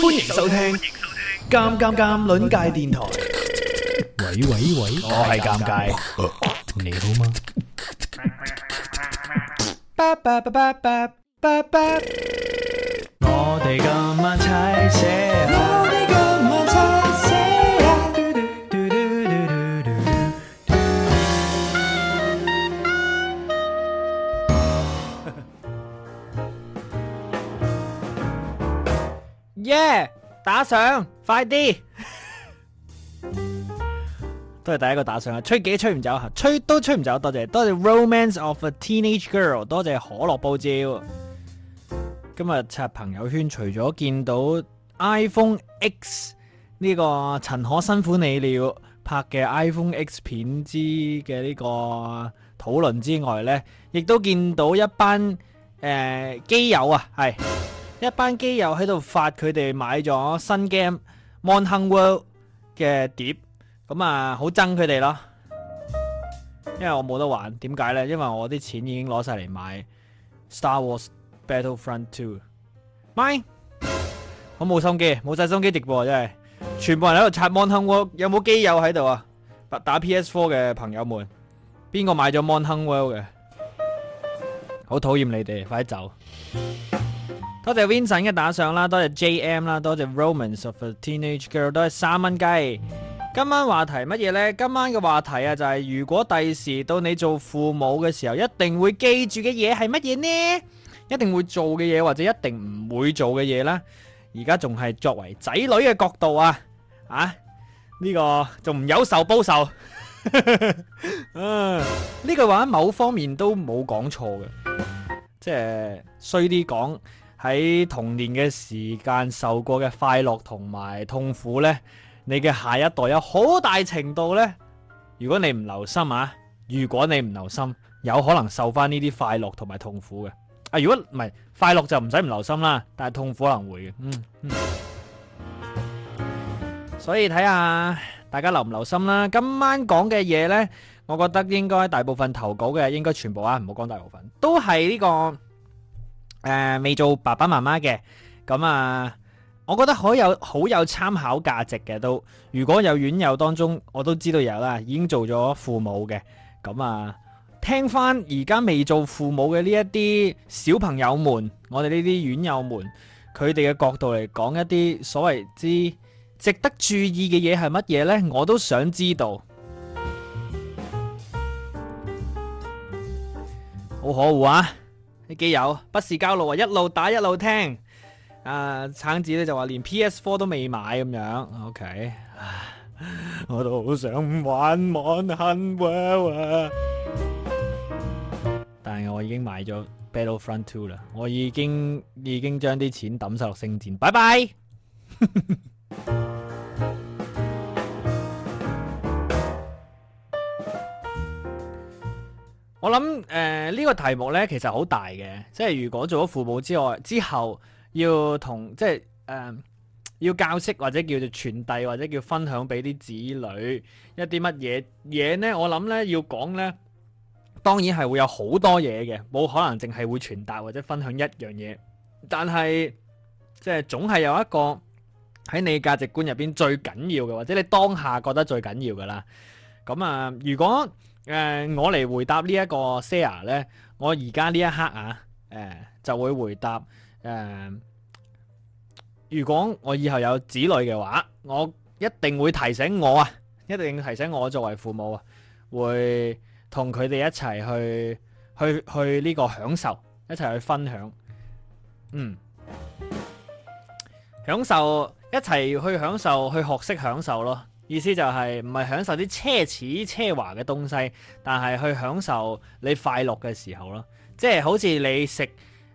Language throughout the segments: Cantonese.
歡迎收聽《尷尷尷》鄰界電台。喂喂喂，我係尷尬，你好嗎？我哋今晚齊些牙。耶！Yeah，打上，快啲！ 都係第一個打上啦，吹幾吹唔走，吹都吹唔走。多謝多謝《Romance of a Teenage Girl》，多謝可樂報招。今日刷朋友圈，除咗見到 iPhone X 呢個陳可辛苦你了拍嘅 iPhone X 片之嘅呢個討論之外呢，亦都見到一班誒機、呃、友啊，係。一班機友喺度發佢哋買咗新 game《Mon Hun World》嘅碟，咁啊好憎佢哋咯，因為我冇得玩。點解咧？因為我啲錢已經攞晒嚟買《Star Wars Battlefront 2》。咪，我冇心機，冇晒心機直播啊！真係，全部人喺度刷《Mon Hun World》，有冇機友喺度啊？打 PS4 嘅朋友們，邊個買咗《Mon Hun World》嘅？好討厭你哋，快啲走！多謝 Vincent 嘅打賞啦，多謝 JM 啦，多謝 Romance of a Teenage Girl 都係三蚊雞。今晚話題乜嘢呢？今晚嘅話題啊，就係如果第時到你做父母嘅時候，一定會記住嘅嘢係乜嘢呢？一定會做嘅嘢或者一定唔會做嘅嘢啦。而家仲係作為仔女嘅角度啊，啊呢個仲唔有仇報仇？啊呢句話喺某方面都冇講錯嘅，即係衰啲講。喺童年嘅時間受過嘅快樂同埋痛苦呢，你嘅下一代有好大程度呢。如果你唔留心啊，如果你唔留心，有可能受翻呢啲快樂同埋痛苦嘅。啊，如果唔係快樂就唔使唔留心啦，但係痛苦可能會嘅。嗯，嗯。所以睇下大家留唔留心啦。今晚講嘅嘢呢，我覺得應該大部分投稿嘅應該全部啊，唔好講大部分，都係呢個。誒、呃，未做爸爸媽媽嘅，咁啊，我覺得好有好有參考價值嘅都。如果有院友當中，我都知道有啦，已經做咗父母嘅，咁啊，聽翻而家未做父母嘅呢一啲小朋友們，我哋呢啲院友們，佢哋嘅角度嚟講一啲所謂之值得注意嘅嘢係乜嘢呢？我都想知道，好可惡啊！啲基友不是交流啊，一路打一路聽。啊，橙子咧就話連 PS Four 都未買咁樣。OK，我都好想玩，玩，玩，玩，啊《Modern Warfare》但係我已經買咗《Battlefront 2》啦。我已經已經將啲錢抌晒落星戰。拜拜。 我諗誒呢個題目呢，其實好大嘅，即係如果做咗父母之外之後，要同即係誒、呃、要教識或者叫做傳遞或者叫分享俾啲子女一啲乜嘢嘢呢？我諗呢要講呢，當然係會有好多嘢嘅，冇可能淨係會傳達或者分享一樣嘢，但係即係總係有一個喺你價值觀入邊最緊要嘅，或者你當下覺得最緊要嘅啦。咁啊，如果誒、uh,，我嚟回答呢一個 Sarah 咧，我而家呢一刻啊，誒、uh,，就會回答誒，uh, 如果我以後有子女嘅話，我一定會提醒我啊，一定提醒我作為父母啊，會同佢哋一齊去去去呢個享受，一齊去分享，嗯，享受一齊去享受，去學識享受咯。意思就係唔係享受啲奢侈奢華嘅東西，但係去享受你快樂嘅時候咯。即係好似你食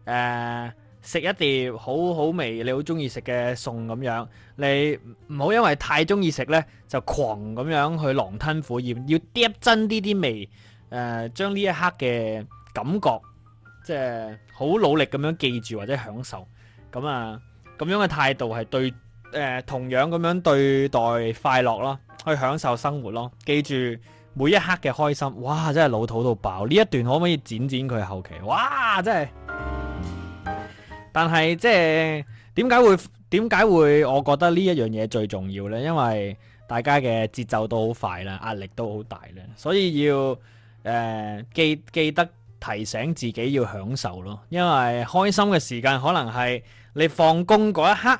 誒食一碟好好味，你好中意食嘅餸咁樣，你唔好因為太中意食呢，就狂咁樣去狼吞虎咽，要嗒真啲啲味誒、呃，將呢一刻嘅感覺即係好努力咁樣記住或者享受。咁啊，咁樣嘅態度係對。呃、同樣咁樣對待快樂咯，去享受生活咯。記住每一刻嘅開心，哇！真係老土到爆。呢一段可唔可以剪剪佢後期？哇！真係。但係即係點解會點解會我覺得呢一樣嘢最重要呢，因為大家嘅節奏都好快啦，壓力都好大咧，所以要誒、呃、記，記得提醒自己要享受咯。因為開心嘅時間可能係你放工嗰一刻。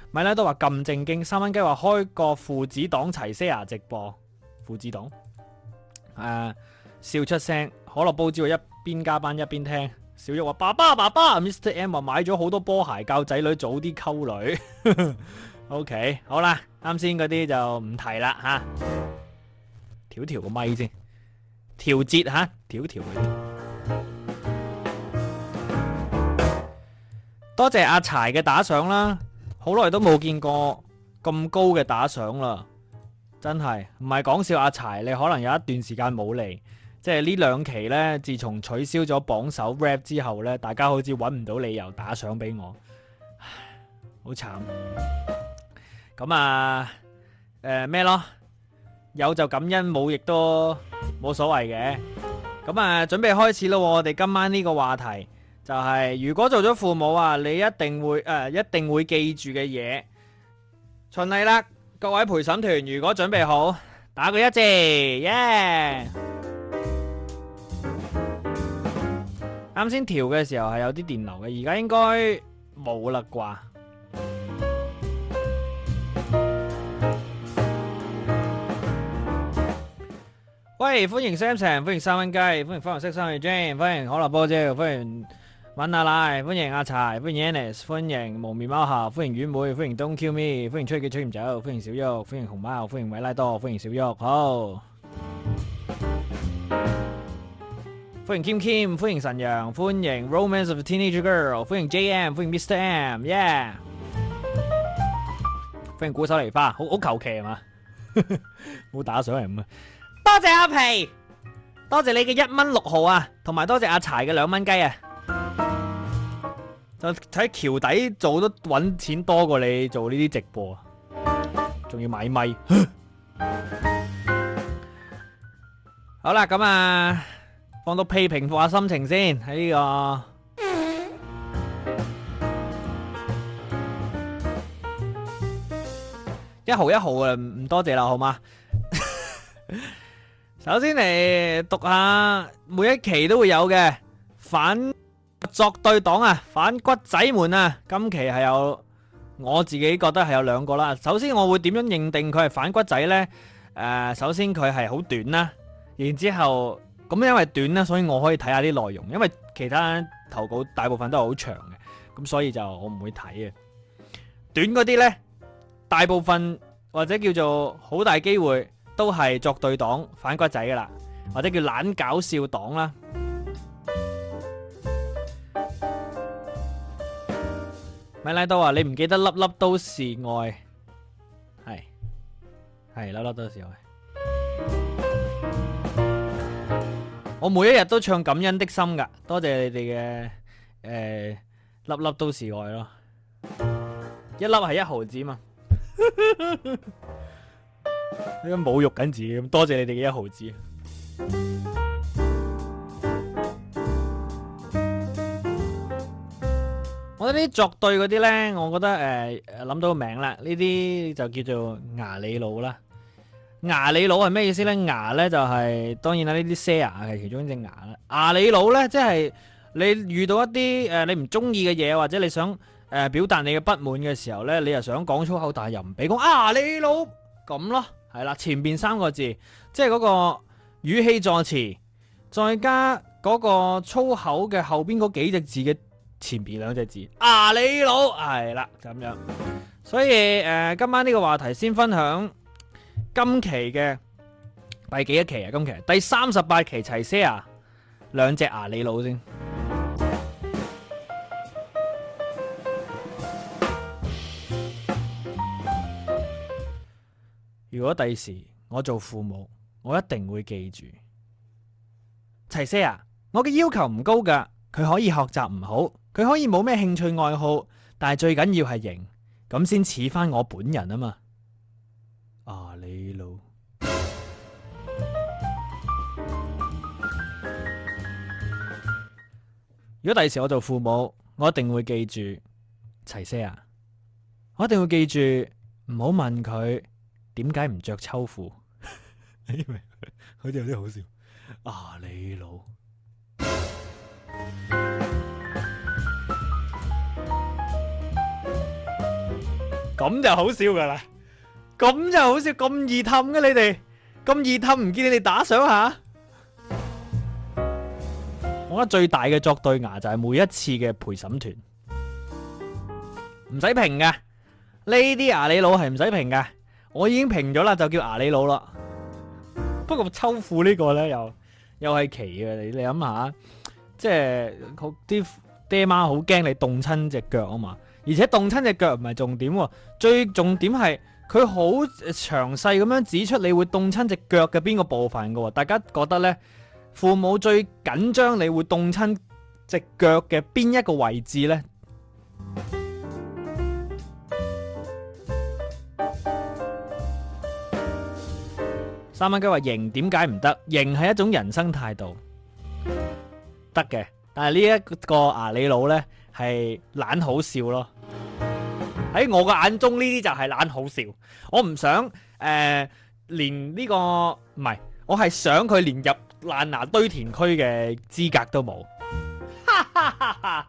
米拉都話咁正經，三蚊雞話開個父子檔齊 share 直播，父子檔誒、啊、笑出聲，可樂煲之話一邊加班一邊聽，小玉話爸爸爸爸 Mr. M 話買咗好多波鞋教仔女早啲溝女 ，OK 好啦，啱先嗰啲就唔提啦吓，調調個咪先，調節吓，調調佢，啊、多謝阿柴嘅打賞啦。好耐都冇見過咁高嘅打賞啦，真係唔係講笑阿柴，你可能有一段時間冇嚟，即係呢兩期呢。自從取消咗榜首 rap 之後呢，大家好似揾唔到理由打賞俾我，唉，好慘。咁啊，誒咩咯？有就感恩，冇亦都冇所謂嘅。咁啊，準備開始咯，我哋今晚呢個話題。就係如果做咗父母啊，你一定會誒，一定會記住嘅嘢。循例啦。各位陪審團，如果準備好，打個一字耶！啱先調嘅時候係有啲電流嘅，而家應該冇啦啩。喂，歡迎 Samson，歡迎三蚊雞，歡迎翻嚟識三歲 Jane，歡迎可樂波姐，歡迎。搵下嚟，歡迎阿柴，歡迎 Yannis，歡迎蒙面貓俠，歡迎軟妹，歡迎 Don't Kill Me，歡迎吹佢吹唔走，歡迎小玉，歡迎熊貓，歡迎米拉多，歡迎小玉，好，歡迎 Kim Kim，歡迎神陽，歡迎 Romance of Teenager Girl，歡迎 J M，歡迎 Mr M，耶，歡迎古手梨花，好好求其吖嘛，好打上嚟咁啊，多謝阿皮，多謝你嘅一蚊六毫啊，同埋多謝阿柴嘅兩蚊雞啊。就睇橋底做都搵錢多過你做呢啲直播啊，仲要買咪。好啦，咁啊，放到批評，平復下心情先，喺呢個一毫一毫啊，唔多謝啦，好嗎？首先嚟讀下每一期都會有嘅反作對黨啊，反骨仔們啊，今期係有我自己覺得係有兩個啦。首先我會點樣認定佢係反骨仔呢？誒、呃，首先佢係好短啦，然之後咁因為短啦，所以我可以睇下啲內容，因為其他投稿大部分都係好長嘅，咁所以就我唔會睇嘅。短嗰啲呢，大部分或者叫做好大機會都係作對黨反骨仔噶啦，或者叫懶搞笑黨啦。米拉多話：你唔記得粒粒都是愛？係係粒粒都是愛。我每一日都唱感恩的心噶，多謝你哋嘅誒粒粒都是愛咯。一粒係一毫子嘛，你侮辱緊自己咁，多謝你哋嘅一毫子。我覺得呢啲作對嗰啲咧，我覺得誒誒諗到個名啦，呢啲就叫做牙你佬啦。牙你佬係咩意思咧？牙咧就係、是、當然啦，呢啲 s e 牙係其中一隻牙啦。牙你佬咧，即係你遇到一啲誒、呃、你唔中意嘅嘢，或者你想誒、呃、表達你嘅不滿嘅時候咧，你又想講粗口大，但係又唔俾講啊！你佬，咁咯，係啦，前邊三個字即係嗰個語氣助詞，再加嗰個粗口嘅後邊嗰幾隻字嘅。前邊兩隻字，牙、啊、里佬係啦，就咁樣。所以誒、呃，今晚呢個話題先分享今期嘅第幾一期啊？今期、啊、第三十八期齊些啊兩隻牙里佬先。如果第時我做父母，我一定會記住齊些啊、啊、我嘅要求唔高噶。佢可以學習唔好，佢可以冇咩興趣愛好，但係最緊要係型，咁先似翻我本人啊嘛。阿、啊、你老， 如果第時我做父母，我一定會記住齊些牙，我一定會記住唔好問佢 點解唔着秋褲，佢哋有啲好笑。阿、啊、你老。咁就好笑噶啦，咁就好笑，咁易氹嘅你哋，咁易氹唔見你哋打賞下？我覺得最大嘅作對牙就係每一次嘅陪審團，唔使評嘅呢啲牙你佬係唔使評嘅，我已經評咗啦，就叫牙你佬啦。不過秋褲呢個咧又又係奇嘅，你你諗下，即係啲爹媽好驚你凍親隻腳啊嘛。而且凍親隻腳唔係重點喎，最重點係佢好詳細咁樣指出你會凍親隻腳嘅邊個部分㗎喎。大家覺得呢，父母最緊張你會凍親隻腳嘅邊一個位置呢？三蚊雞話型點解唔得？型係一種人生態度，得嘅。但係呢一個牙，你佬呢係懶好笑咯。喺我嘅眼中呢啲就係懶好笑，我唔想誒、呃、連呢、這個唔係，我係想佢連入爛牙堆填區嘅資格都冇。哈哈哈哈！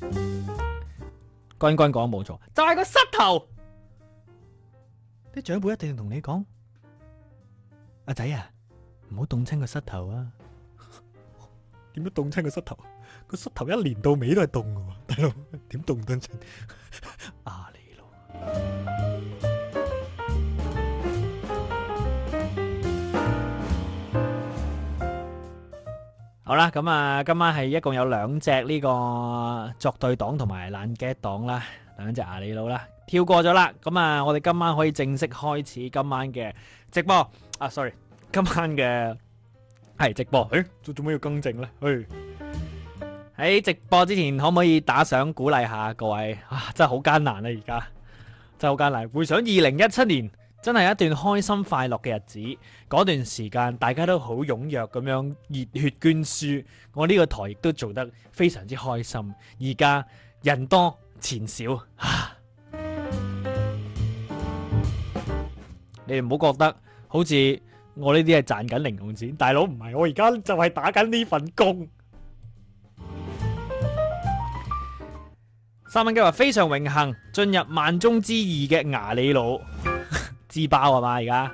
君君講冇錯，就係、是、個膝頭。啲長輩一定同你講：阿仔啊，唔好凍親個膝頭啊！點樣凍親個膝頭？個膝頭一年到尾都係凍嘅喎，大佬點凍得阿里佬？好啦，咁啊，今晚係一共有兩隻呢個作對黨同埋懶嘅黨啦，兩隻阿里佬啦，跳過咗啦。咁啊，我哋今晚可以正式開始今晚嘅直播。啊，sorry，今晚嘅係直播。誒，做做咩要更正咧？誒。喺、hey, 直播之前，可唔可以打賞鼓勵下各位？啊，真係好艱難啦、啊，而家真係好艱難。回想二零一七年，真係一段開心快樂嘅日子。嗰段時間大家都好踴躍咁樣熱血捐輸，我呢個台亦都做得非常之開心。而家人多錢少啊！ 你哋唔好覺得好似我呢啲係賺緊零用錢，大佬唔係，我而家就係打緊呢份工。三蚊雞話非常榮幸進入萬中之二嘅牙里佬，自爆啊嘛而家？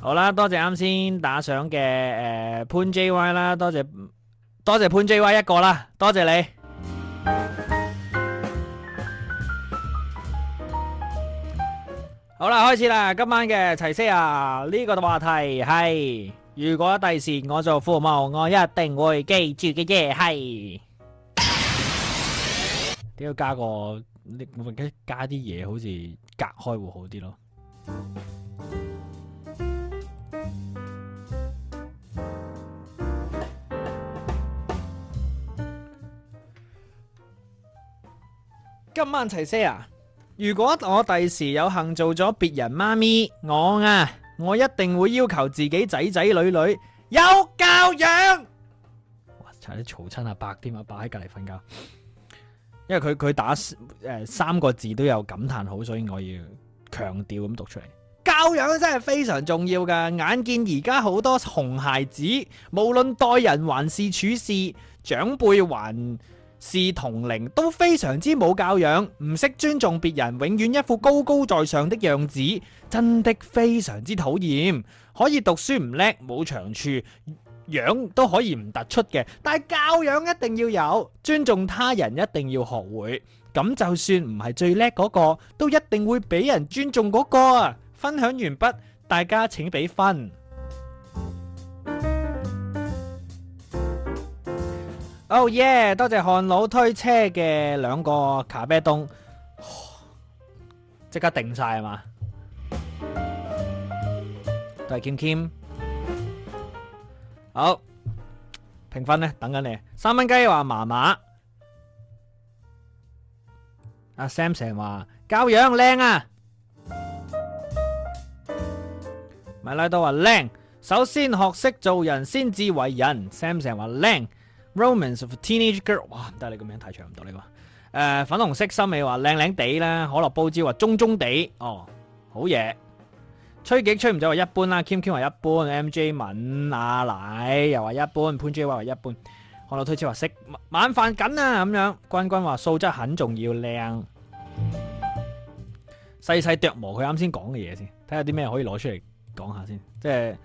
好啦，多謝啱先打賞嘅誒潘 JY 啦，多謝多謝潘 JY 一個啦，多謝你。好啦，開始啦，今晚嘅齊些牙，呢個話題係。如果第時我做父母，我一定會記住嘅嘢係，點要加個，我唔記得加啲嘢，好似隔開會好啲咯。今晚齊些牙！如果我第時有幸做咗別人媽咪，我啊～我一定會要求自己仔仔女女有教養。哇！差啲嘈親阿伯添，阿伯喺隔籬瞓覺，因為佢佢打誒三個字都有感嘆號，所以我要強調咁讀出嚟。教養真係非常重要噶，眼見而家好多熊孩子，無論待人還是處事，長輩還視同齡都非常之冇教養，唔識尊重別人，永遠一副高高在上的樣子，真的非常之討厭。可以讀書唔叻，冇長處，樣都可以唔突出嘅，但教養一定要有，尊重他人一定要學會。咁就算唔係最叻嗰個，都一定會俾人尊重嗰個啊！分享完畢，大家請俾分。哦耶！Oh、yeah, 多謝漢佬推車嘅兩個咖啡凍，即、哦、刻定晒係嘛？都係謙謙好評分呢，等緊你。三蚊雞話麻麻，阿、啊、Sam 成話教養靚啊，米拉都話靚。首先學識做人先至為人，Sam 成話靚。Romance of a teenage girl，哇，都係你個名太長唔到你話。誒、呃，粉紅色心你話靚靚地啦，可樂煲椒話中中地，哦，好嘢。吹極吹唔走話一般啦 Kim Kim 話一般，M J 文阿奶又話一般，潘 J 話話一般，韓老推車話食晚飯緊啊咁樣，君君話素質很重要，靚，細細琢磨佢啱先講嘅嘢先，睇下啲咩可以攞出嚟講下先，即係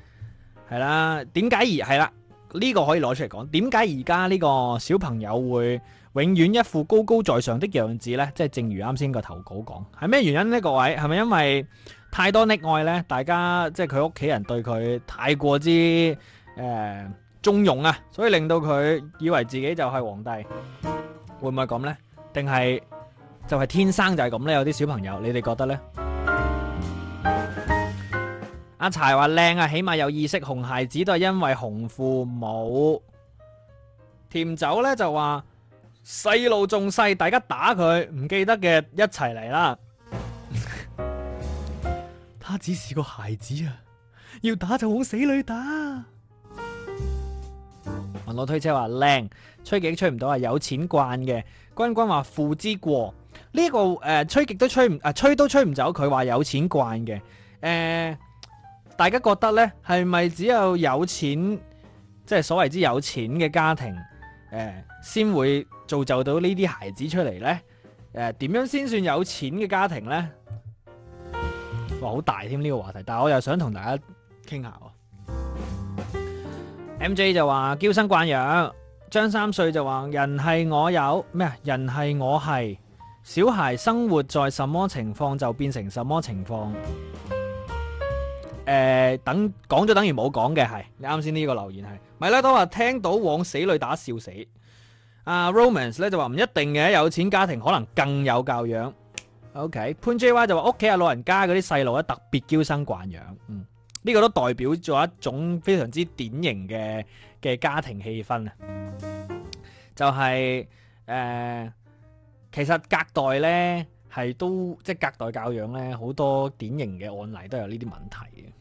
係啦，點解而係啦？呢個可以攞出嚟講，點解而家呢個小朋友會永遠一副高高在上的樣子呢？即係正如啱先個投稿講，係咩原因呢？各位係咪因為太多溺愛呢？大家即係佢屋企人對佢太過之誒縱容啊，所以令到佢以為自己就係皇帝，會唔會咁呢？定係就係天生就係咁呢？有啲小朋友，你哋覺得呢？阿柴話靚啊，起碼有意識。熊孩子都係因為熊父母。甜酒咧就話細路仲細，大家打佢唔記得嘅，一齊嚟啦。 他只是個孩子啊，要打就往死裡打。雲我推車話靚，吹極吹唔到係有錢慣嘅。君君話父之過，呢、這個誒、呃、吹極都吹唔啊、呃，吹都吹唔走。佢話有錢慣嘅，誒、呃。大家覺得呢，係咪只有有錢，即係所謂之有錢嘅家庭，誒、呃，先會造就到呢啲孩子出嚟呢？誒、呃，點樣先算有錢嘅家庭呢？哇，好大添呢個話題，但係我又想同大家傾下喎。MJ 就話嬌生慣養，張三歲就話人係我有咩啊？人係我係小孩，生活在什麼情況就變成什麼情況。誒，等講咗等於冇講嘅係，你啱先呢個留言係咪咧，都話聽到往死裏打笑死。啊，romance 咧就話唔一定嘅，有錢家庭可能更有教養，ok，潘 J Y 就話屋企有老人家嗰啲細路咧特別嬌生慣養，嗯，呢個都代表咗一種非常之典型嘅嘅家庭氣氛啊，就係誒，其實隔代咧係都即係隔代教養咧，好多典型嘅案例都有呢啲問題嘅。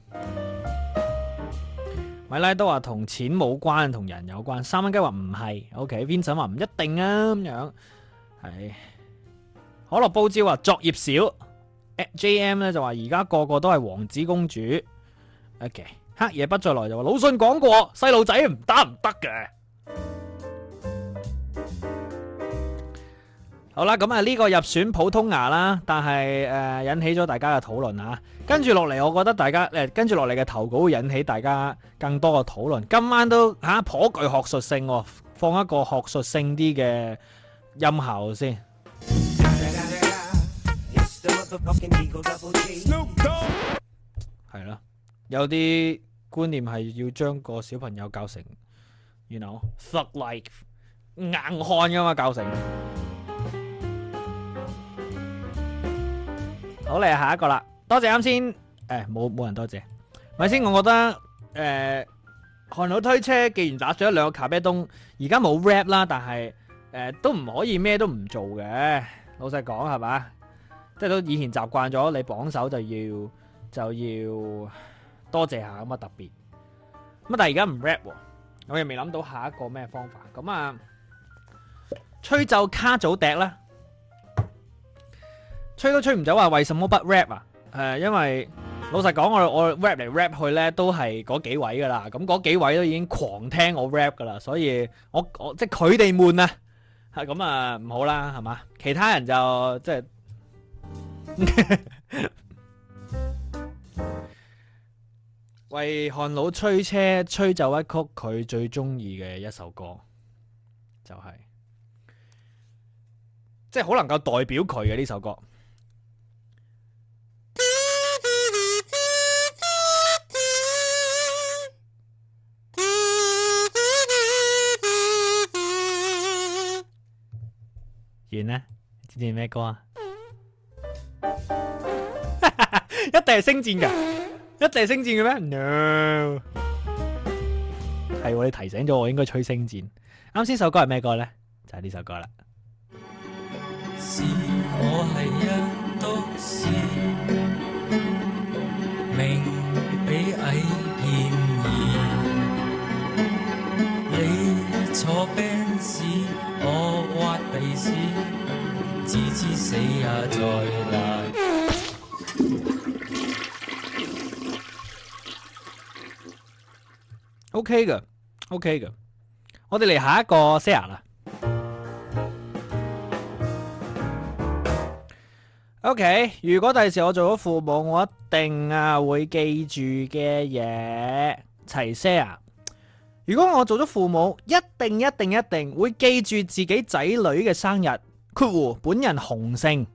米拉都話同錢冇關，同人有關。三蚊雞話唔係，O K。Vincent 話唔一定啊，咁樣係。可樂報招話作業少，J M 呢就話而家個個都係王子公主。OK，黑夜不再來就話老孫講過，細路仔唔得唔得嘅。好啦，咁啊呢個入選普通牙啦，但係誒、呃、引起咗大家嘅討論啊。跟住落嚟，我覺得大家誒、呃、跟住落嚟嘅投稿會引起大家更多嘅討論。今晚都吓頗具學術性、啊，放一個學術性啲嘅音效先。係 啦，有啲觀念係要將個小朋友教成，you know，thug life 硬漢噶嘛教成。好嚟下一個啦，多謝啱、啊、先，誒冇冇人多謝，咪先我覺得誒，韓、呃、老推車既然打咗兩個卡啡凍，而家冇 rap 啦，但係誒都唔可以咩都唔做嘅，老實講係嘛，即係都以前習慣咗，你榜首就要就要多謝下咁啊特別，咁但係而家唔 rap，我又未諗到下一個咩方法，咁啊吹奏卡祖笛啦。吹都吹唔走，話為什麼不 rap 啊？誒，因為老實講，我我 rap 嚟 rap 去咧，都係嗰幾位噶啦。咁嗰幾位都已經狂聽我 rap 噶啦，所以我我即係佢哋悶啊，係咁啊唔好啦，係嘛？其他人就即係為漢佬吹車，吹奏一曲佢最中意嘅一首歌，就係即係好能夠代表佢嘅呢首歌。完呢知唔知咩歌啊？嗯、 一定係星戰噶，嗯、一定係星戰嘅咩？No，係我哋提醒咗我應該吹星戰。啱先首歌係咩歌咧？就係、是、呢首歌啦。是，我係一都市，命比蟻便宜，你坐 b OK 㗎，OK 㗎，我哋嚟下一個 share 啦。OK，如果第時我做咗父母，我一定啊會記住嘅嘢齊 share。如果我做咗父母，一定一定一定會記住自己仔女嘅生日。括弧本人雄性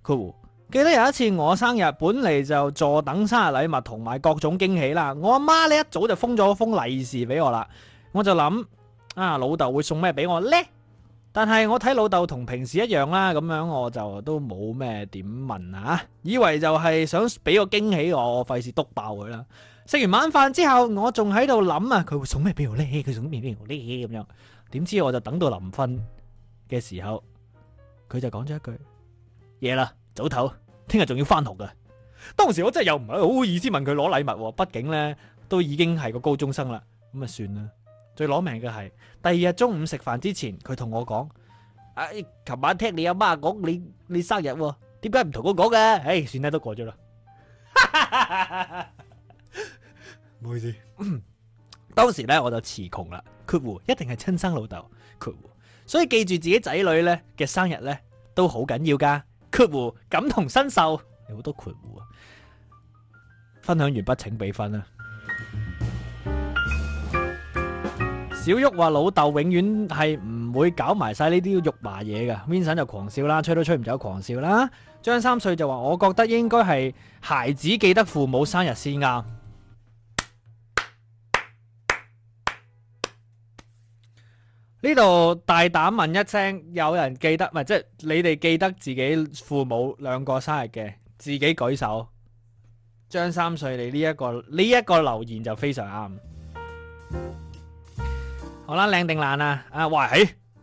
括弧。記得有一次我生日，本嚟，就坐等生日禮物同埋各種驚喜啦。我阿媽呢，一早就封咗封利是俾我啦，我就諗啊，老豆會送咩俾我呢？但係我睇老豆同平時一樣啦，咁樣我就都冇咩點問啊，以為就係想俾個驚喜我，我費事督爆佢啦。食完晚飯之後，我仲喺度諗啊，佢會送咩俾我呢？佢送咩俾我呢？咁樣，點知我就等到臨瞓嘅時候，佢就講咗一句：「夜啦，早唞，聽日仲要翻學㗎。」當時我真係又唔係好好意思問佢攞禮物，畢竟咧都已經係個高中生啦，咁啊算啦。最攞命嘅係，第二日中午食飯之前，佢同我講：哎，琴晚聽你阿媽講你你生日，啊，點解唔同我講嘅？哎，算啦，都過咗啦。唔好 意思。嗯、當時咧我就詞窮啦，括弧一定係親生老豆，括弧，所以記住自己仔女咧嘅生日咧都好緊要噶，括弧感同身受，有好多括弧啊。分享完畢，請俾分啊！小旭話老豆永遠係唔會搞埋晒呢啲肉麻嘢㗎，Vinson 就狂笑啦，吹都吹唔走狂笑啦。張三歲就話：，我覺得應該係孩子記得父母生日先啱。呢度 大膽問一聲，有人記得咪即係你哋記得自己父母兩個生日嘅，自己舉手。張三歲、這個，你呢一個呢一個留言就非常啱。好啦，靚定爛啊！啊，哇，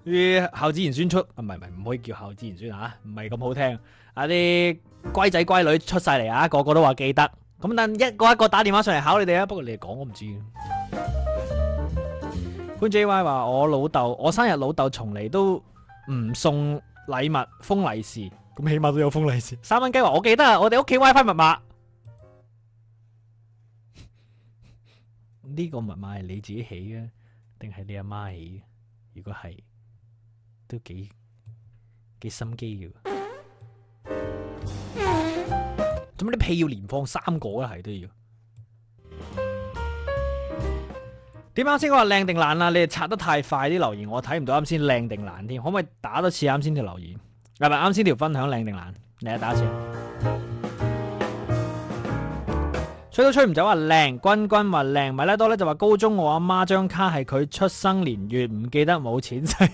啲孝子賢孫出，唔係唔係唔可以叫孝子賢孫吓，唔係咁好聽。啊啲乖仔乖女出晒嚟啊，個個都話記得。咁等一個一個打電話上嚟考你哋啊，不過你哋講我唔知。潘 JY 話：我老豆，我生日老豆從嚟都唔送禮物封利是，咁起碼都有封利是。三蚊雞話：我記得啊，我哋屋企 WiFi 密碼。呢個密碼係你自己起嘅。定係你阿媽起？如果係，都幾幾心機嘅。做乜啲屁要連放三個啦、啊？係都要、啊。點解啱先話靚定爛啊？你哋刷得太快啲留言，我睇唔到啱先靚定爛添。可唔可以打多次啱先條留言？係咪啱先條分享靚定爛？嚟啊，打一次。吹都吹唔走話靚，君君話靚，米拉多咧就話高中我阿媽張卡係佢出生年月唔記得，冇錢使，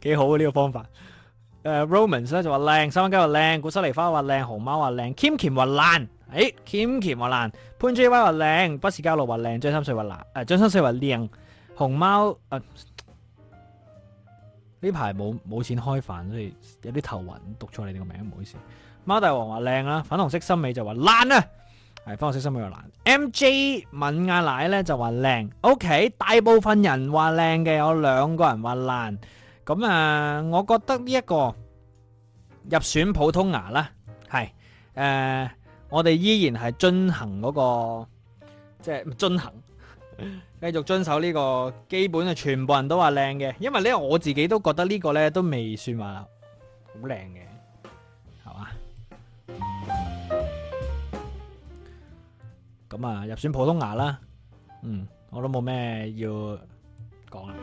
幾好啊呢個方法。誒、uh,，Romans 咧就話靚，三蚊雞話靚，古色梨花話靚，熊貓話靚，Kim、哎、Kim 話爛，誒，Kim Kim 話爛，潘珠威話靚，不時交流話靚，張三水話爛，誒、呃，張三水話靚，熊貓啊，呢排冇冇錢開飯，所以有啲頭暈，讀錯你哋個名，唔好意思。貓大王話靚啦，粉紅色心尾就話爛啊，係粉紅色心尾話爛。M J 敏亞奶咧就話靚，OK，大部分人話靚嘅有兩個人話爛，咁啊，我覺得呢、這、一個入選普通牙啦，係誒、呃，我哋依然係遵行嗰、那個即係遵行，繼續遵守呢、這個基本啊，全部人都話靚嘅，因為咧我自己都覺得這個呢個咧都未算話好靚嘅。咁啊，入選普通牙啦，嗯，我都冇咩要講啦。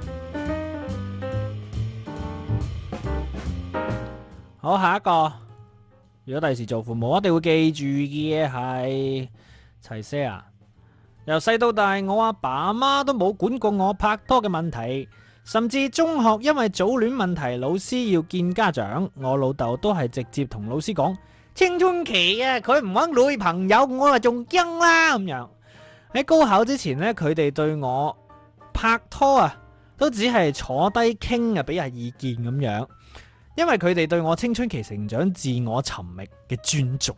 好，下一個，如果第時做父母，我一定會記住嘅係齊 s i 由細到大，我阿爸阿媽都冇管過我拍拖嘅問題，甚至中學因為早戀問題，老師要見家長，我老豆都係直接同老師講。青春期啊，佢唔搵女朋友，我啊仲驚啦咁樣。喺高考之前呢，佢哋對我拍拖啊，都只係坐低傾啊，俾人意見咁樣。因為佢哋對我青春期成長自我尋覓嘅尊重，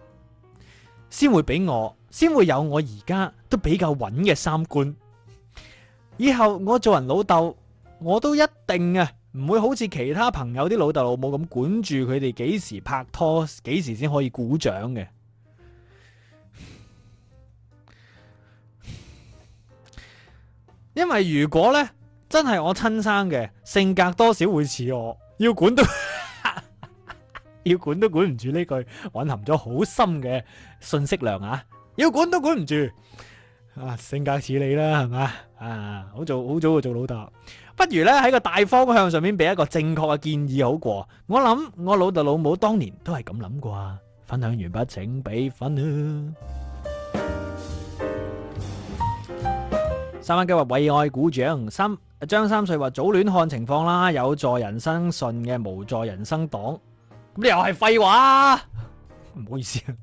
先會俾我，先會有我而家都比較穩嘅三觀。以後我做人老豆，我都一定啊。唔會好似其他朋友啲老豆老母咁管住佢哋幾時拍拖，幾時先可以鼓掌嘅。因為如果呢，真係我親生嘅，性格多少會似我，要管都 要管都管唔住呢句，蘊含咗好深嘅信息量啊！要管都管唔住啊，性格似你啦，係咪？啊，好做好早就做老豆。不如咧喺個大方向上面俾一個正確嘅建議好過，我諗我老豆老母當年都係咁諗啩。分享完畢，請俾分啦，啊。 三蚊雞話為愛鼓掌，三張三歲話早戀看情況啦，有助人生順嘅，無助人生擋。咁你又係廢話，唔 好意思啊，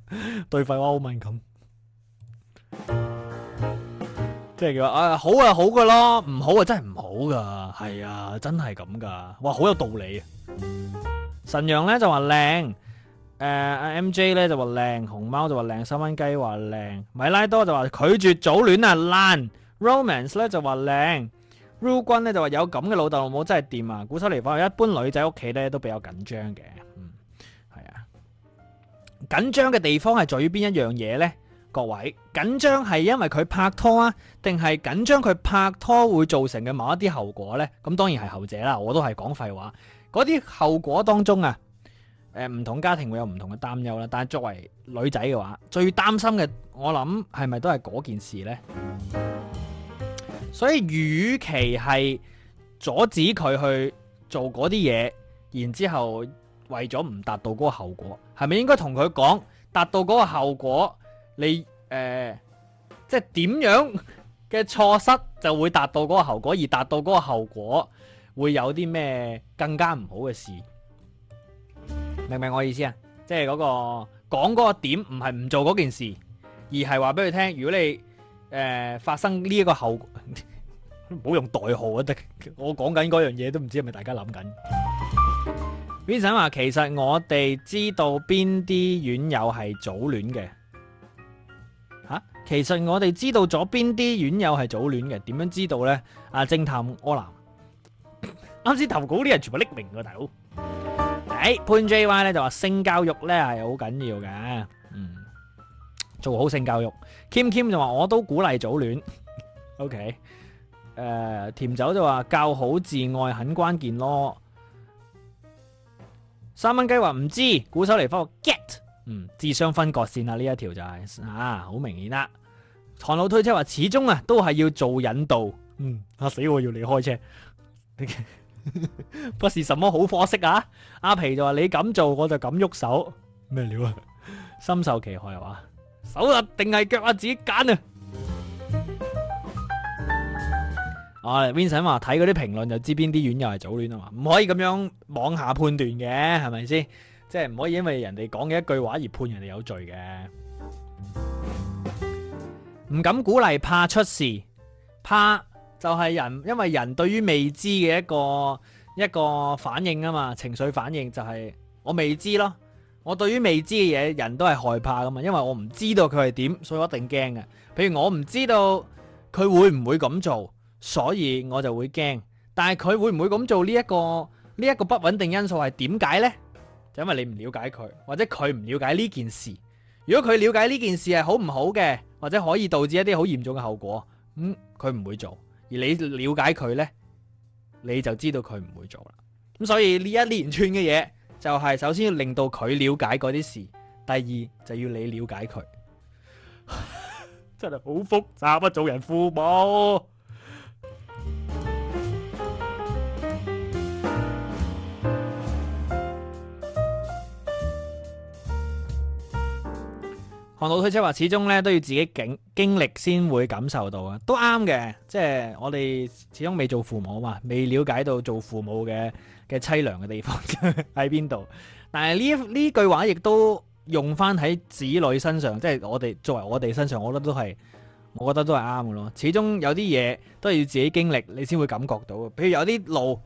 對廢話好敏感。即係佢話啊，好啊好噶咯，唔好就真係唔好㗎，係啊真係咁噶，哇好有道理啊、嗯神呢！神陽咧就話靚，誒、呃、阿 MJ 咧就話靚，熊貓就話靚，三蚊雞話靚，米拉多就話拒絕早戀啊爛，Romance 咧就話靚，Rul 君咧就話有咁嘅老豆老母真係掂啊！古手梨花一般女仔屋企咧都比較緊張嘅，嗯係啊，緊張嘅地方係在於邊一樣嘢咧？各位緊張係因為佢拍拖啊，定係緊張佢拍拖會造成嘅某一啲後果呢？咁當然係後者啦，我都係講廢話。嗰啲後果當中啊，唔同家庭會有唔同嘅擔憂啦。但係作為女仔嘅話，最擔心嘅我諗係咪都係嗰件事呢？所以，與其係阻止佢去做嗰啲嘢，然之後為咗唔達到嗰個後果，係咪應該同佢講達到嗰個後果？你誒、呃、即係點樣嘅錯失就會達到嗰個後果，而達到嗰個後果會有啲咩更加唔好嘅事？明唔明我意思啊？即係嗰、嗰個講嗰個點，唔係唔做嗰件事，而係話俾佢聽。如果你誒、呃、發生呢一個後，唔 好用代號啊！得我講緊嗰樣嘢都唔知係咪大家諗緊。Vincent 話：其實我哋知道邊啲院友係早戀嘅。其實我哋知道咗邊啲院友係早戀嘅，點樣知道咧？阿、啊、偵探柯南啱先 投稿啲人全部匿名㗎，大佬。誒、哎、潘 JY 咧就話性教育咧係好緊要嘅，嗯，做好性教育。Kim Kim 就話我都鼓勵早戀。 OK，誒、呃、甜酒就話教好自愛很關鍵咯。三蚊雞話唔知，鼓手嚟翻個 get。嗯，智商分割線啊，呢一條就係、是、啊，好明顯啦。唐老推車話，始終啊都係要做引導。嗯，嚇、啊、死我，要你開車， 不是什麼好貨色啊。阿皮就話：你咁做，我就咁喐手。咩料啊？深受其害啊嘛？手啊定係腳啊自己揀啊。啊 Vincent 話：睇嗰啲評論就知邊啲院又係早戀啊嘛，唔可以咁樣妄下判斷嘅，係咪先？即係唔可以因為人哋講嘅一句話而判人哋有罪嘅，唔敢鼓勵怕出事，怕就係人因為人對於未知嘅一個一個反應啊嘛，情緒反應就係我未知咯，我對於未知嘅嘢人都係害怕噶嘛，因為我唔知道佢係點，所以我一定驚嘅。譬如我唔知道佢會唔會咁做，所以我就會驚。但係佢會唔會咁做呢一個呢一個不穩定因素係點解呢？因為你唔了解佢，或者佢唔了解呢件事。如果佢了解呢件事係好唔好嘅，或者可以導致一啲好嚴重嘅後果，咁佢唔會做。而你了解佢呢，你就知道佢唔會做啦。咁所以呢一連串嘅嘢，就係、是、首先要令到佢了解嗰啲事，第二就要你了解佢。 真係好複雜啊！做人父母。韓老推車話，始終咧都要自己經經歷先會感受到啊，都啱嘅。即係我哋始終未做父母嘛，未了解到做父母嘅嘅淒涼嘅地方喺邊度。但係呢呢句話亦都用翻喺子女身上，即係我哋作為我哋身上，我覺得都係，我覺得都係啱嘅咯。始終有啲嘢都係要自己經歷，你先會感覺到嘅。譬如有啲路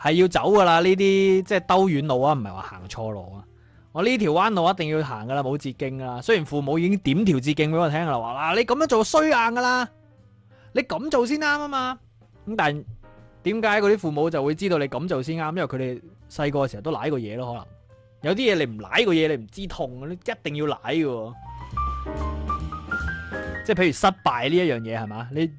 係要走㗎啦，呢啲即係兜遠路啊，唔係話行錯路啊。我呢條彎路一定要行噶啦，冇捷徑噶啦。雖然父母已經點條捷徑俾我聽啦，話嗱，你咁樣做衰硬噶啦，你咁做先啱啊嘛。咁但點解嗰啲父母就會知道你咁做先啱？因為佢哋細個嘅時候都舐過嘢咯，可能有啲嘢你唔舐過嘢，你唔知痛，你一定要舐噶喎。 即係譬如失敗呢一樣嘢係嘛？你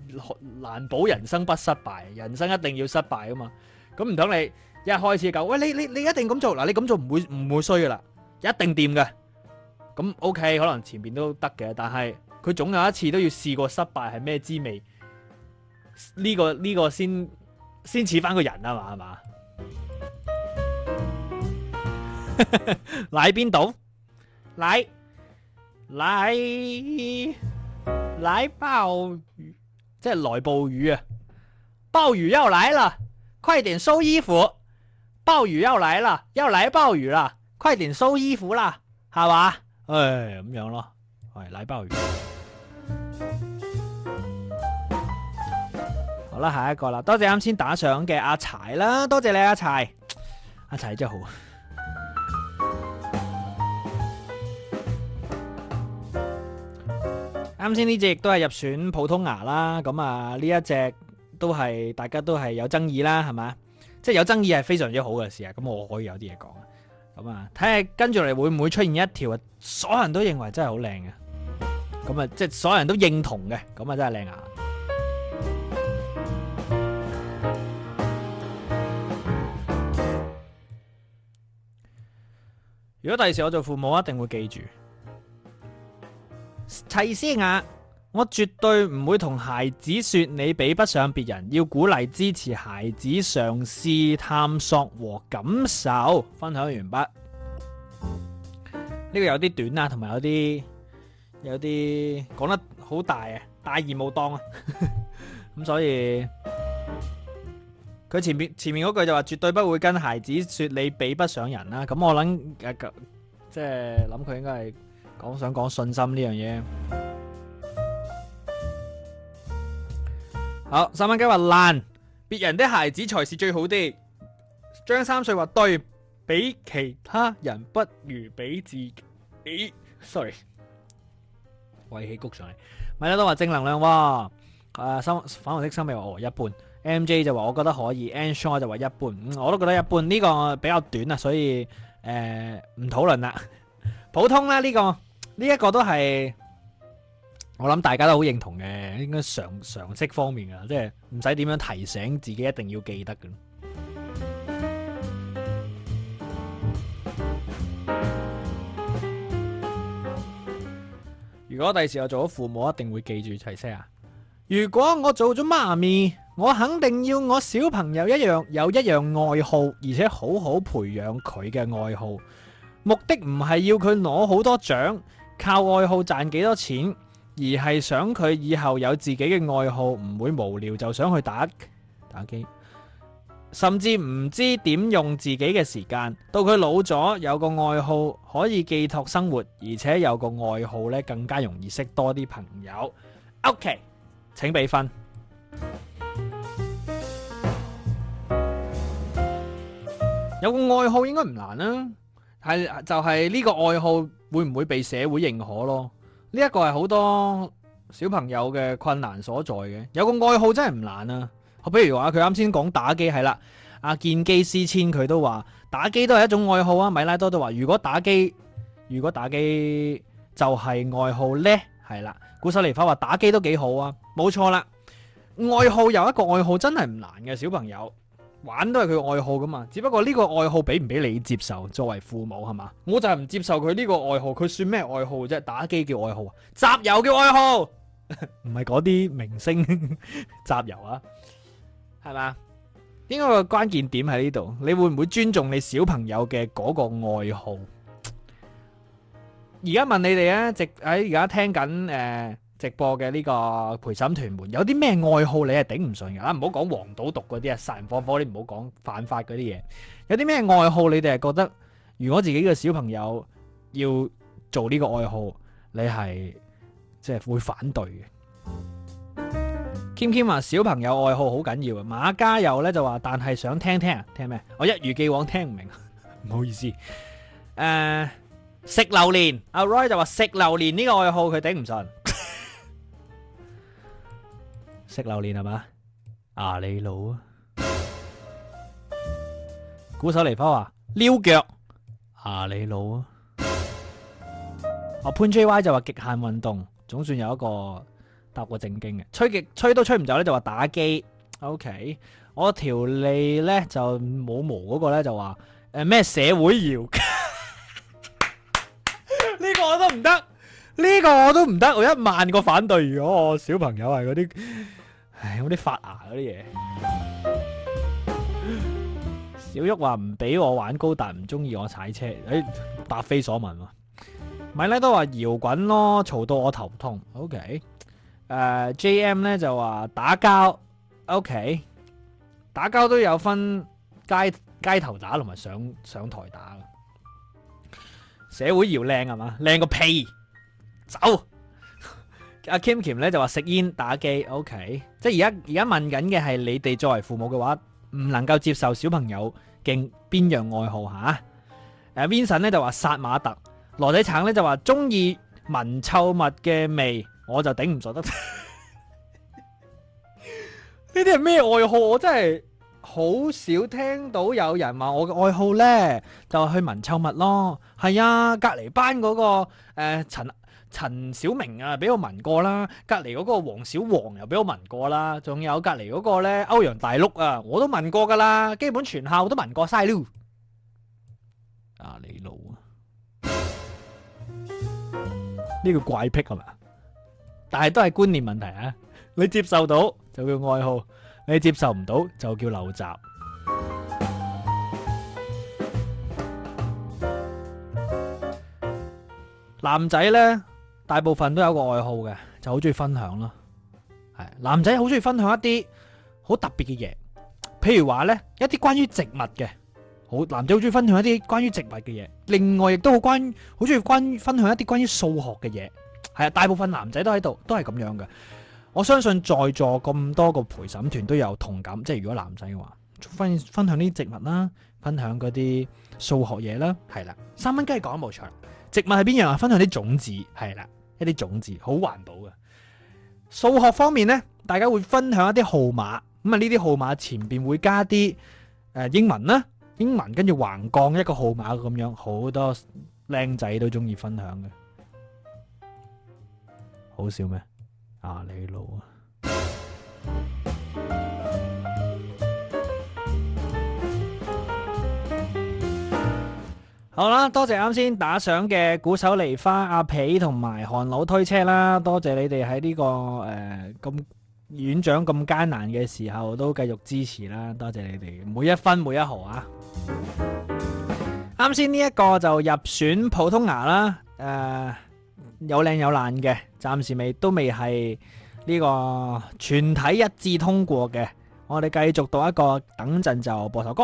難保人生不失敗，人生一定要失敗啊嘛。咁唔等你一開始就喂你你你一定咁做，嗱你咁做唔會唔會衰噶啦。一定掂嘅，咁 OK，可能前面都得嘅，但係佢總有一次都要試過失敗係咩滋味，這個，呢個呢個先先似翻個人啊嘛，係嘛？嚟邊度？嚟嚟嚟暴雨，即係來暴雨啊！暴雨要來了，快點收衣服！暴雨要來了，要來暴雨啦！係連掃衣服啦，係嘛？唉，咁樣咯，係禮包魚、嗯。好啦，下一個啦，多謝啱先打賞嘅阿柴啦，多謝你阿柴，阿柴真係好。啱 先呢隻亦都係入選普通牙啦，咁啊呢一隻都係大家都係有爭議啦，係嘛？即、就、係、是、有爭議係非常之好嘅事啊，咁我可以有啲嘢講。咁啊，睇下跟住嚟會唔會出現一條啊，所有人都認為真係好靚嘅，咁啊，即係所有人都認同嘅，咁啊真係靚啊！ 如果第二時我做父母，我一定會記住，齊些牙。我絕對唔會同孩子說，你比不上別人，要鼓勵支持孩子嘗試探索和感受。分享完畢，呢、這個有啲短啦，同埋有啲有啲講得好大啊，大而無當啊。咁 所以佢前面前面嗰句就話絕對不會跟孩子說你比不上人啦、啊。咁我諗誒即係諗佢應該係講，想講信心呢樣嘢。好，三蚊雞話爛，別人的孩子才是最好的。張三歲話對，比其他人不如俾自己。欸、Sorry，胃氣谷上嚟。米粒都話正能量、哦。誒、呃，深粉紅色深尾話我一般。M J 就話我覺得可以，An Shaw 就話一般、嗯。我都覺得一般呢、這個比較短啊，所以誒唔討論啦。普通啦，呢、這個呢一、這個都係。我諗大家都好認同嘅，應該常常識方面嘅，即係唔使點樣提醒自己，一定要記得嘅。如果第時我做咗父母，我一定會記住提醒啊！如果我做咗媽咪，我肯定要我小朋友一樣有一樣愛好，而且好好培養佢嘅愛好。目的唔係要佢攞好多獎，靠愛好賺幾多錢。而係想佢以後有自己嘅愛好，唔會無聊就想去打打機，甚至唔知點用自己嘅時間。到佢老咗，有個愛好可以寄託生活，而且有個愛好咧，更加容易識多啲朋友。OK，請俾分。有個愛好應該唔難啦、啊，係就係、係、呢個愛好會唔會被社會認可咯？呢一個係好多小朋友嘅困難所在嘅，有個愛好真係唔難啊！比如話佢啱先講打機係啦，阿健基思千佢都話打機都係一種愛好啊。米拉多都話如果打機，如果打機就係愛好咧，係啦。古斯尼法話打機都幾好啊，冇錯啦，愛好有一個愛好真係唔難嘅小朋友。玩都係佢愛好噶嘛，只不過呢個愛好俾唔俾你接受？作為父母係嘛，我就係唔接受佢呢個愛好。佢算咩愛好啫？打機叫愛好啊？集郵叫愛好？唔係嗰啲明星 集郵啊？係嘛吧？應該個關鍵點喺呢度，你會唔會尊重你小朋友嘅嗰個愛好？而家問你哋啊，直喺而家聽緊誒。呃直播嘅呢個陪審團們有啲咩愛好你係頂唔順嘅啦？唔好講黃賭毒嗰啲啊，殺人放火你唔好講犯法嗰啲嘢。有啲咩愛好你哋係覺得如果自己嘅小朋友要做呢個愛好，你係即係會反對嘅。謙謙話小朋友愛好好緊要啊！馬嘉佑咧就話，但係想聽聽啊，聽咩？我一如既往聽唔明。唔好意思。誒，食榴蓮。阿 Roy 就話食榴蓮呢個愛好佢頂唔順。食榴蓮係嘛，啊，你老啊！鼓手尼波啊，撩腳，啊，你老啊！我、哦、潘 JY 就話極限運動總算有一個搭過正經嘅，吹極吹都吹唔走咧就話打機。OK，我條脷咧就冇毛嗰個咧就話誒咩社會搖？呢 個我都唔得，呢、呢個我都唔得，我一萬個反對。如果我小朋友係嗰啲。唉，好啲發芽嗰啲嘢。小旭話唔俾我玩高達，唔中意我踩車，誒答非所問喎、啊。咪咧都話搖滾咯，嘈到我頭痛。OK，誒、呃、JM 咧就話打交，OK，打交都有分街街頭打同埋上上台打噶。社會要靚係嘛？靚個屁，走！阿 Kim Kim 咧就話食煙打機，OK，即係而家而家問緊嘅係你哋作為父母嘅話，唔能夠接受小朋友嘅邊樣愛好吓？誒、啊、Vincent 咧就話殺馬特，羅仔橙咧就話中意聞臭物嘅味，我就頂唔住得。呢啲係咩愛好？我真係好少聽到有人話我嘅愛好咧就去聞臭物咯。係啊，隔籬班嗰、那個誒陳。呃陳陳小明啊，俾我聞過啦；隔離嗰個黃小黃又俾我聞過啦；仲有隔離嗰個咧，歐陽大碌啊，我都聞過噶啦。基本全校都聞過曬。你、啊、老啊，呢、嗯、個怪癖係嘛？但係都係觀念問題啊！你接受到就叫愛好，你接受唔到就叫陋習、嗯。男仔呢。大部分都有個愛好嘅，就好中意分享咯。係男仔好中意分享一啲好特別嘅嘢，譬如話呢，一啲關於植物嘅，好男仔好中意分享一啲關於植物嘅嘢。另外亦都好關，好中意關分享一啲關於數學嘅嘢。係啊，大部分男仔都喺度，都係咁樣嘅。我相信在座咁多個陪審團都有同感，即係如果男仔嘅話，分分，分享啲植物啦，分享嗰啲數學嘢啦，係啦。三蚊雞講冇錯，植物係邊樣啊？分享啲種子係啦。一啲種子，好環保嘅。數學方面呢，大家會分享一啲號碼，咁啊呢啲號碼前邊會加啲誒、呃、英文啦，英文跟住橫槓一個號碼咁樣，好多靚仔都中意分享嘅。好笑咩？阿里路啊，你老啊！好啦，多謝啱先打賞嘅古手梨花、阿皮同埋韓佬推車啦，多謝你哋喺呢個誒咁、呃、院長咁艱難嘅時候都繼續支持啦，多謝你哋每一分每一毫啊！啱先呢一個就入選普通牙啦，誒、呃、有靚有爛嘅，暫時未都未係呢個全體一致通過嘅，我哋繼續讀一個，等陣就播首歌。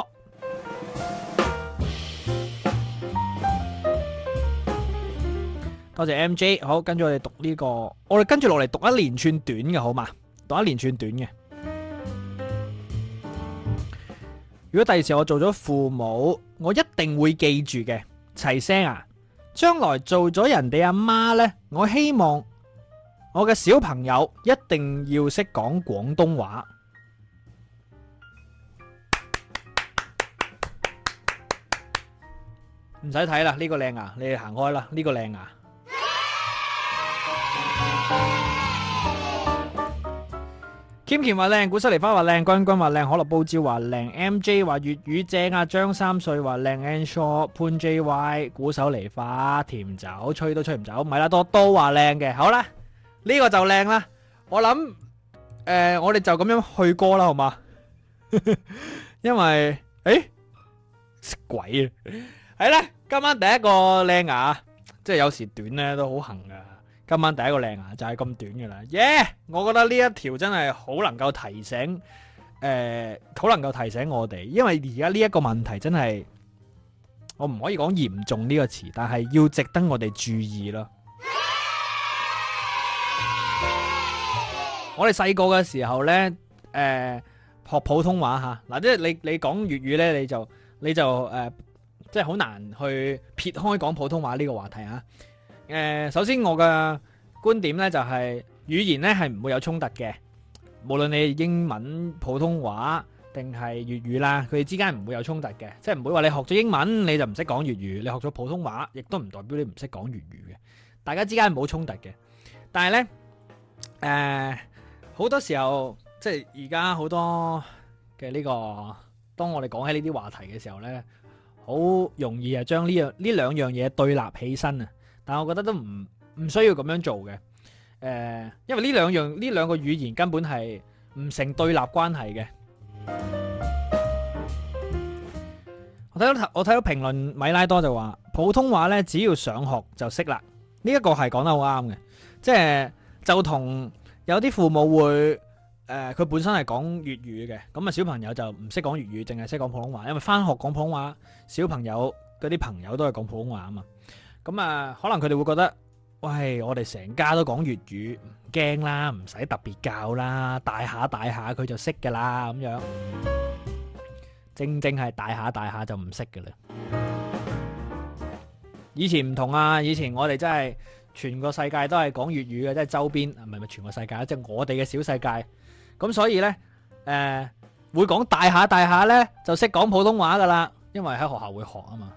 多謝 MJ，好，跟住我哋讀呢個，我哋跟住落嚟讀一連串短嘅好嘛？讀一連串短嘅。如果第時我做咗父母，我一定會記住嘅。齊聲啊！將來做咗人哋阿媽呢，我希望我嘅小朋友一定要識講廣東話。唔使睇啦，呢個靚啊！你哋行開啦，呢個靚啊！Kim Kim 話靚，古手梨花話靚，君君話靚，可樂布照話靚，M J 話粵語正啊，張三歲話靚，Ensho、潘 J Y 古手梨花甜酒吹都吹唔走，唔係，啦多都話靚嘅，好啦，呢個就靚啦，我諗誒，我哋就咁樣去歌啦，好嘛？因為誒，食鬼啊，係啦，今晚第一個靚牙，即係有時短咧都好痕㗎。今晚第一個靚啊，就係咁短嘅啦，耶！我覺得呢一條真係好能夠提醒，誒、呃，好能夠提醒我哋，因為而家呢一個問題真係，我唔可以講嚴重呢個詞，但係要值得我哋注意咯。我哋細個嘅時候呢，誒、呃，學普通話吓，嗱、啊，即係你你講粵語呢，你就你就誒，即係好難去撇開講普通話呢個話題啊。誒、呃，首先我嘅觀點咧，就係語言咧係唔會有衝突嘅，無論你英文、普通話定係粵語啦，佢哋之間唔會有衝突嘅，即係唔會話你學咗英文你就唔識講粵語，你學咗普通話亦都唔代表你唔識講粵語嘅，大家之間冇衝突嘅。但係咧，誒、呃、好多時候，即係而家好多嘅呢、這個，當我哋講起呢啲話題嘅時候咧，好容易啊將呢樣呢兩樣嘢對立起身啊！嗱，但我覺得都唔唔需要咁樣做嘅，誒，因為呢兩樣呢兩個語言根本係唔成對立關係嘅。我睇到我睇到評論，米拉多就話：普通話呢，只要上學就識啦。呢一個係講得好啱嘅，即係就同有啲父母會誒，佢本身係講粵語嘅，咁啊小朋友就唔識講粵語，淨係識講普通話，因為返學講普通話，小朋友嗰啲朋友都係講普通話啊嘛。咁啊，可能佢哋會覺得，喂，我哋成家都講粵語，唔驚啦，唔使特別教啦，大下大下佢就識噶啦，咁樣，正正係大下大下就唔識噶啦。以前唔同啊，以前我哋真係全個世界都係講粵語嘅，即係周邊唔係咪？全個世界，即係我哋嘅小世界。咁所以呢，誒、呃，會講大下大下呢，就識講普通話噶啦，因為喺學校會學啊嘛。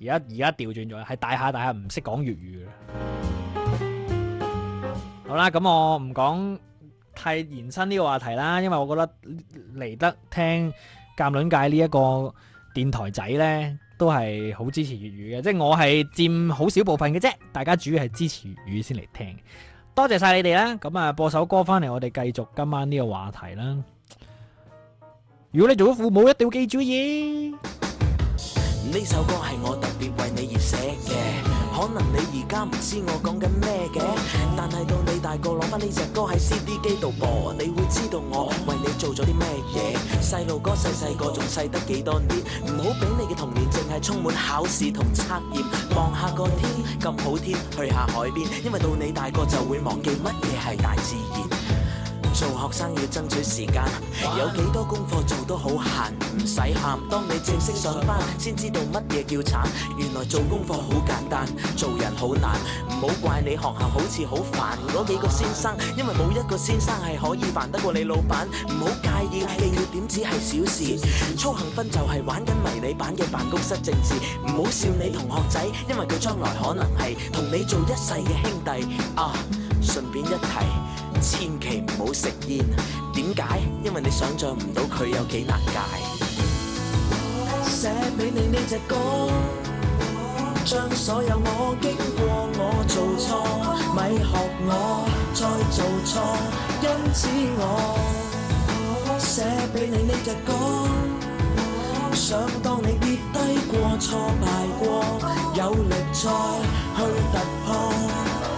而家而家調轉咗，係大下大下唔識講粵語好啦。咁我唔講太延伸呢個話題啦，因為我覺得嚟得聽鑑論界呢一個電台仔呢，都係好支持粵語嘅。即係我係佔好少部分嘅啫，大家主要係支持粵語先嚟聽。多謝晒你哋啦，咁啊播首歌翻嚟，我哋繼續今晚呢個話題啦。如果你做咗父母，一定要記住。呢首歌係我特別為你而寫嘅，可能你而家唔知我講緊咩嘅，但係到你大個攞翻呢隻歌喺 CD 機度播，你會知道我為你做咗啲咩嘢。細路哥細細個仲細得幾多年？唔好俾你嘅童年淨係充滿考試同測驗。望下個天咁好天，去下海邊，因為到你大個就會忘記乜嘢係大自然。做學生要爭取時間，有幾多功課做得好閒，唔使喊。當你正式上班，先知道乜嘢叫慘。原來做功課好簡單，做人好難。唔好怪你學校好似好煩，嗰幾個先生，因為冇一個先生係可以煩得過你老闆。唔好介意，你要點只係小事。操行分就係玩緊迷你版嘅辦公室政治。唔好笑你同學仔，因為佢將來可能係同你做一世嘅兄弟。啊，順便一提。千祈唔好食煙，點解？因為你想象唔到佢有幾難戒。寫俾你呢隻歌，將所有我經過我做錯，咪學我再做錯，因此我寫俾你呢隻歌，想當你跌低過，挫敗過，有力再去突破。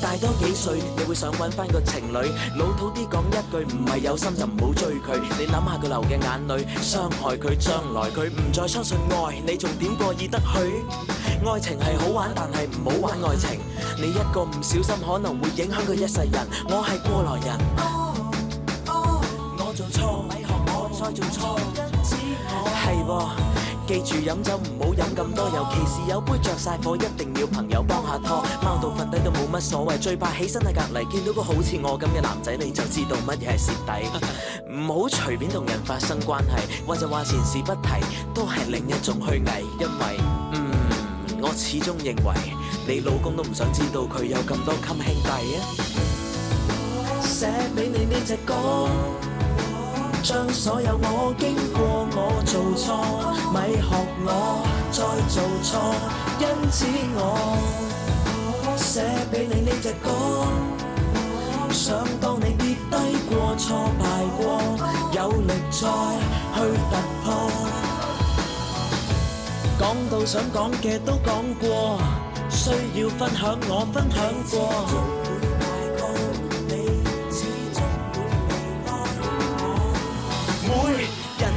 大多幾歲，你會想揾翻個情侶？老土啲講一句，唔係有心就唔好追佢。你諗下佢流嘅眼淚，傷害佢，將來佢唔再相信愛，你仲點過意得去？愛情係好玩，但係唔好玩。愛情，你一個唔小心，可能會影響佢一世人。我係過來人，我做錯，咪學我再做錯一次。我記住，飲酒唔好飲咁多，尤其是有杯着晒火，一定要朋友幫下拖。貓到瞓低都冇乜所謂，最怕起身喺隔離見到個好似我咁嘅男仔，你就知道乜嘢係蝕底。唔好隨便同人發生關係，或者話前事不提，都係另一種虛偽。因為，嗯，我始終認為，你老公都唔想知道佢有咁多襟兄弟啊。寫俾你呢隻歌。將所有我經過，我做錯，咪學我再做錯。因此我寫俾你呢隻歌，想當你跌低過、挫敗過，有力再去突破。講到想講嘅都講過，需要分享我分享過。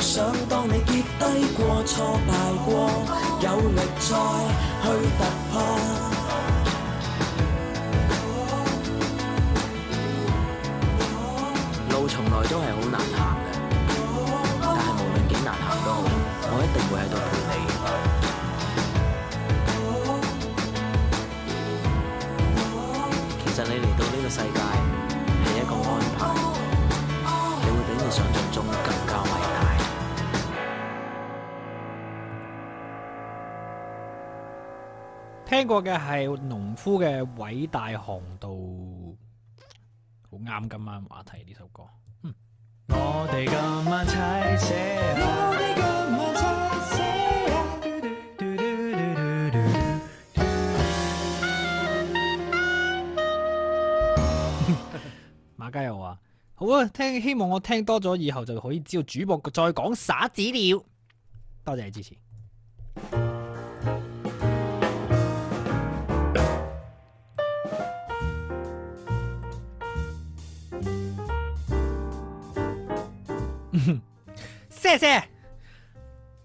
想當你跌低過挫敗過，有力再去突破。路從來都係好難行嘅，但係無論幾難行都好，我一定會喺度陪你。其實你嚟到呢個世界係一個安排，你會比你想象中更加。聽過嘅係農夫嘅偉大航道，啊，好啱今晚話題呢首歌。我哋嘅馬仔，我哋嘅馬仔，馬嘉佑話：好啊，聽希望我聽多咗以後就可以知道主播再講啥資料。多謝你支持。咩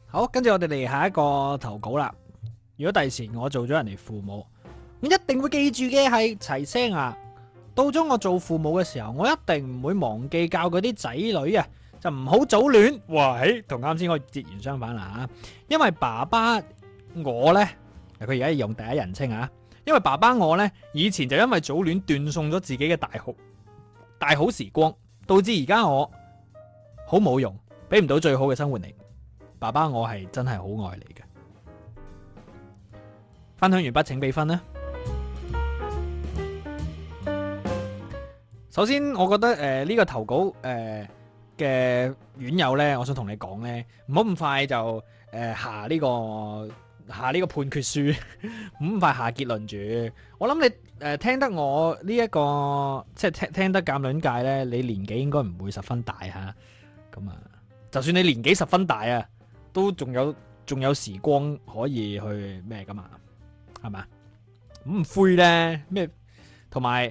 好，跟住我哋嚟下一個投稿啦。如果第時我做咗人哋父母，我一定會記住嘅係齊些牙！到咗我做父母嘅時候，我一定唔會忘記教嗰啲仔女啊，就唔好早戀。哇，同啱先我截然相反啦吓，因為爸爸我呢，佢而家用第一人稱啊，因為爸爸我呢，以前就因為早戀斷送咗自己嘅大好大好時光，導致而家我好冇用。俾唔到最好嘅生活你，爸爸我係真係好愛你嘅。分享完畢，請俾分啦。首先，我覺得誒呢、呃這個投稿誒嘅網友呢，我想同你講呢：唔好咁快就誒、呃、下呢、這個下呢個判決書，唔好咁快下結論住。我諗你誒、呃、聽得我呢、這、一個即係聽聽得鑒卵界呢，你年紀應該唔會十分大吓，咁啊。就算你年紀十分大啊，都仲有仲有時光可以去咩噶嘛，係嘛？咁唔灰咧咩，同埋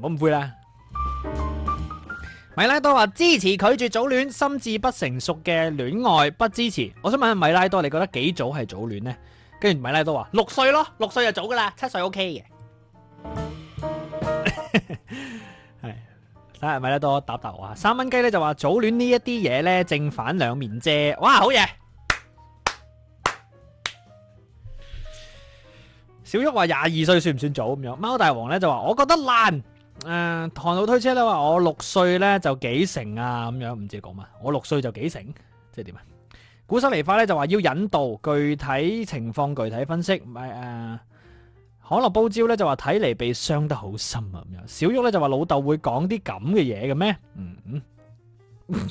唔好唔灰啦。米拉多話支持拒絕早戀，心智不成熟嘅戀愛不支持。我想問下米拉多，你覺得幾早係早戀呢？跟住米拉多話六歲咯，六歲就早噶啦，七歲 OK 嘅。 啊，咪得多答答我啊！三蚊雞咧就話早戀呢一啲嘢咧正反兩面啫。哇，好嘢！小旭話廿二歲算唔算早咁樣？貓大王咧就話我覺得爛。誒，唐老推車咧話我六歲咧就幾成啊咁樣，唔知講乜？我六歲就幾成？即係點啊？古生梨花咧就話要引導，具體情況具體分析。唔係誒。可樂煲蕉咧就話睇嚟被傷得好深啊咁樣，小玉咧就話老豆會講啲咁嘅嘢嘅咩？嗯，嗯，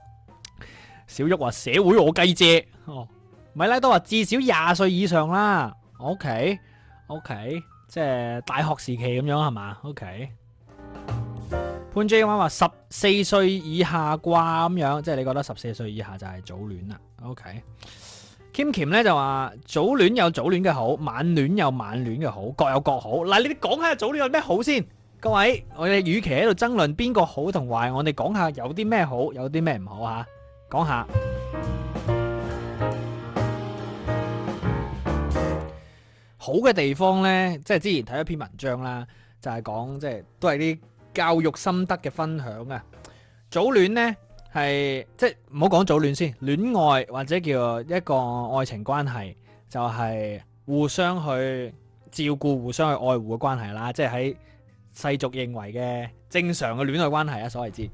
小玉話社會我雞姐，哦，米拉都話至少廿歲以上啦，OK，OK，okay? okay？即係大學時期咁樣係嘛？OK，潘 J 話十四歲以下啩咁樣，即係你覺得十四歲以下就係早戀啦，啊？OK。Kim Kim 咧就話早戀有早戀嘅好，晚戀有晚戀嘅好，各有各好。嗱，你哋講下早戀有咩好先？各位，我哋與其喺度爭論邊個好同壞，我哋講下有啲咩好，有啲咩唔好吓，講下。好嘅地方呢，即係之前睇一篇文章啦，就係、是、講即係都係啲教育心得嘅分享嘅。早戀呢。」係即係唔好講早戀先，戀愛或者叫一個愛情關係，就係、是、互相去照顧、互相去愛護嘅關係啦。即係喺世俗認為嘅正常嘅戀愛關係啊，所謂之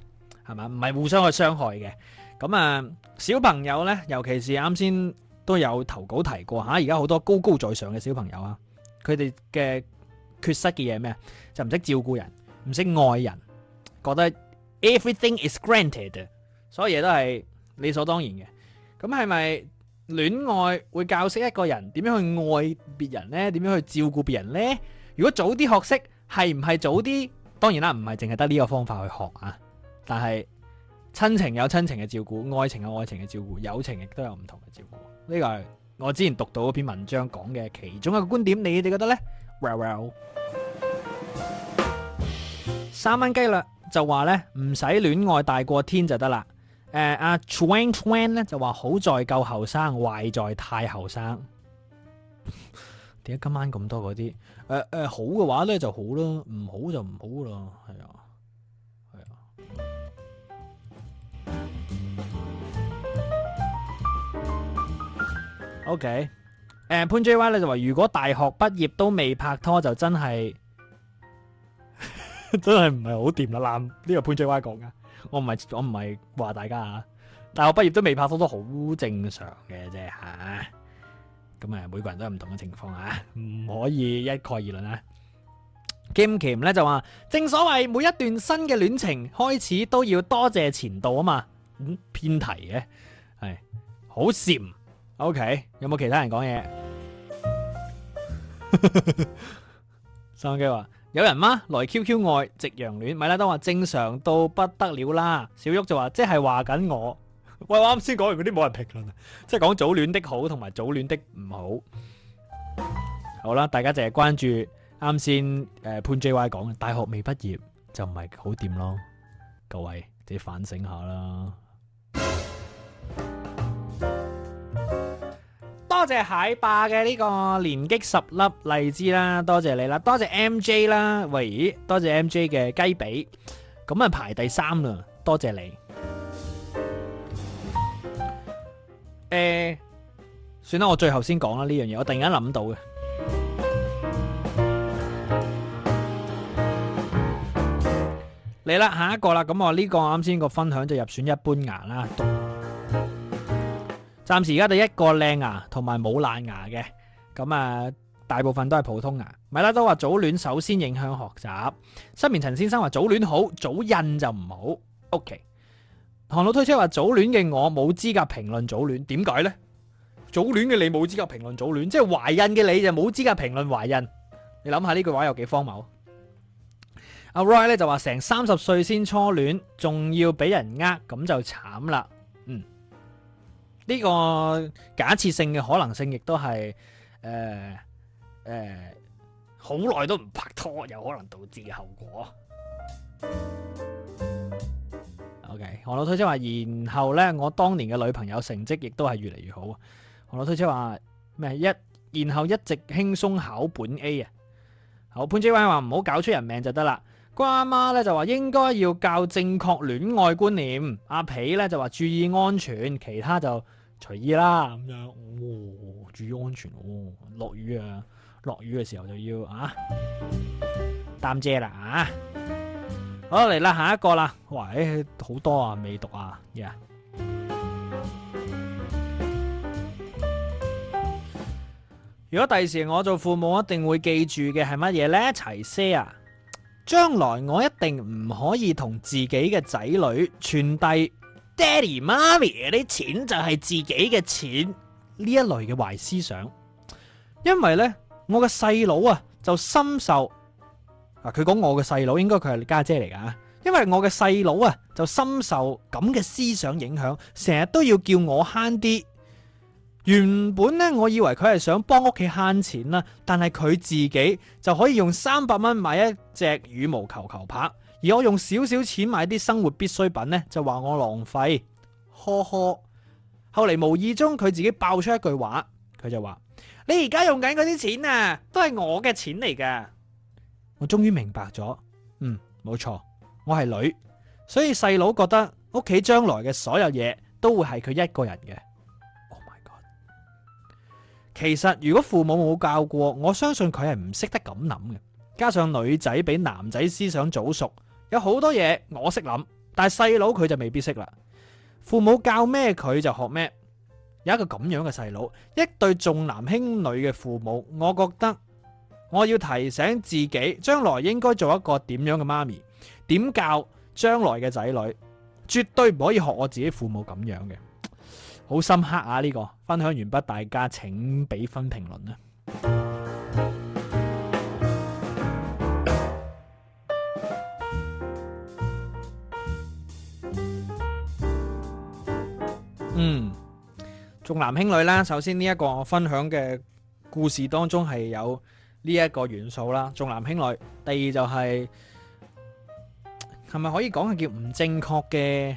係嘛，唔係互相去傷害嘅。咁啊，小朋友呢，尤其是啱先都有投稿提過吓，而家好多高高在上嘅小朋友啊，佢哋嘅缺失嘅嘢咩？就唔識照顧人，唔識愛人，覺得 everything is granted。所有嘢都係理所當然嘅，咁係咪戀愛會教識一個人點樣去愛別人呢？點樣去照顧別人呢？如果早啲學識，係唔係早啲？當然啦，唔係淨係得呢個方法去學啊！但係親情有親情嘅照顧，愛情有愛情嘅照顧，友情亦都有唔同嘅照顧。呢個係我之前讀到嗰篇文章講嘅其中一個觀點，你哋覺得呢？Well well，三蚊雞啦，就話呢：唔使戀愛大過天就得啦。誒，阿、uh, uh, Twain Twain 咧，就話好在夠後生，壞在太後生。點 解今晚咁多嗰啲？誒、uh, 誒、uh，好嘅話咧就好咯，唔好就唔好啦，係啊，係啊。OK，誒潘 J Y 咧，就話如果大學畢業都未拍拖就真係 真係唔係好掂啦，嗱，呢個潘 J Y 講㗎。我唔係我唔係話大家啊，大學畢業都未拍拖都好正常嘅啫，吓，咁啊，每個人都有唔同嘅情況啊，唔、嗯、可以一概而論啊。Kim Kim 呢就話，正所謂每一段新嘅戀情開始都要多謝前度啊嘛，嗯，偏題嘅係好閃。OK，有冇其他人講嘢？三 K 話。 有人嗎？來 QQ 愛夕陽戀，米拉多話正常到不得了啦。小旭就話即係話緊我。喂，我啱先講完嗰啲冇人評論啊，即係講早戀的好同埋早戀的唔好。好啦，大家淨係關注啱先誒潘 JY 講嘅大學未畢業就唔係好掂咯，各位，自己反省下啦。 多謝蟹霸嘅呢個連擊十粒荔枝啦，多謝你啦，多謝 MJ 啦，喂，多謝 MJ 嘅雞髀，咁啊，排第三啦，多謝你。誒，算啦，我最後先講啦，呢樣嘢我突然間諗到嘅。嚟啦，下一個啦，咁我呢個啱先個分享就入選一般牙啦。暫時而家就一個靚牙同埋冇爛牙嘅，咁啊大部分都係普通牙。米拉多話早戀首先影響學習，失眠。陳先生話早戀好，早孕就唔好。OK，韓老推出話早戀嘅，我冇資格評論早戀，點解呢？早戀嘅，你冇資格評論早戀，即係懷孕嘅，你就冇資格評論懷孕。你諗下呢句話有幾荒謬？阿 Roy 咧就話成三十歲先初戀，仲要俾人呃，咁就慘啦。呢個假設性嘅可能性，亦、呃呃、都係誒誒好耐都唔拍拖，有可能導致嘅後果。OK，黃老推車話，然後呢，我當年嘅女朋友成績亦都係越嚟越好。黃老推車話咩？一，然後一直輕鬆考本 A 啊！好，潘車威話唔好搞出人命就得啦。瓜媽呢就話應該要教正確戀愛觀念。阿皮呢就話注意安全，其他就。隨意啦，咁樣哦，哦，注意安全哦。落雨啊，落雨嘅時候就要啊擔遮啦啊。嗯、好嚟啦，下一個啦。喂，欸，好多啊，未讀啊。Yeah. 如果第時我做父母，我一定會記住嘅係乜嘢咧？齊些牙，將來我一定唔可以同自己嘅仔女傳遞。爹哋媽咪啲錢就係自己嘅錢，呢一類嘅壞思想，因為呢，我嘅細佬啊就深受講弟弟，啊佢講我嘅細佬應該佢係家姐嚟噶，因為我嘅細佬啊就深受咁嘅思想影響，成日都要叫我慳啲。原本呢，我以為佢係想幫屋企慳錢啦，但係佢自己就可以用三百蚊買一隻羽毛球球拍。而我用少少錢買啲生活必需品咧，就話我浪費，呵呵。後嚟，無意中佢自己爆出一句話，佢就話：你而家用緊嗰啲錢啊，都係我嘅錢嚟㗎。我終於明白咗，嗯，冇錯，我係女，所以細佬覺得屋企將來嘅所有嘢都會係佢一個人嘅。Oh my god！其實如果父母冇教過，我相信佢係唔識得咁諗嘅。加上女仔比男仔思想早熟。有好多嘢我識諗，但係細佬佢就未必識啦。父母教咩佢就學咩。有一個咁樣嘅細佬，一對重男輕女嘅父母，我覺得我要提醒自己，將來應該做一個點樣嘅媽咪，點教將來嘅仔女，絕對唔可以學我自己父母咁樣嘅。好深刻啊！呢、這個分享完畢，大家請俾分評論啦。嗯，重男輕女啦。首先呢一個我分享嘅故事當中係有呢一個元素啦，重男輕女。第二就係係咪可以講係叫唔正確嘅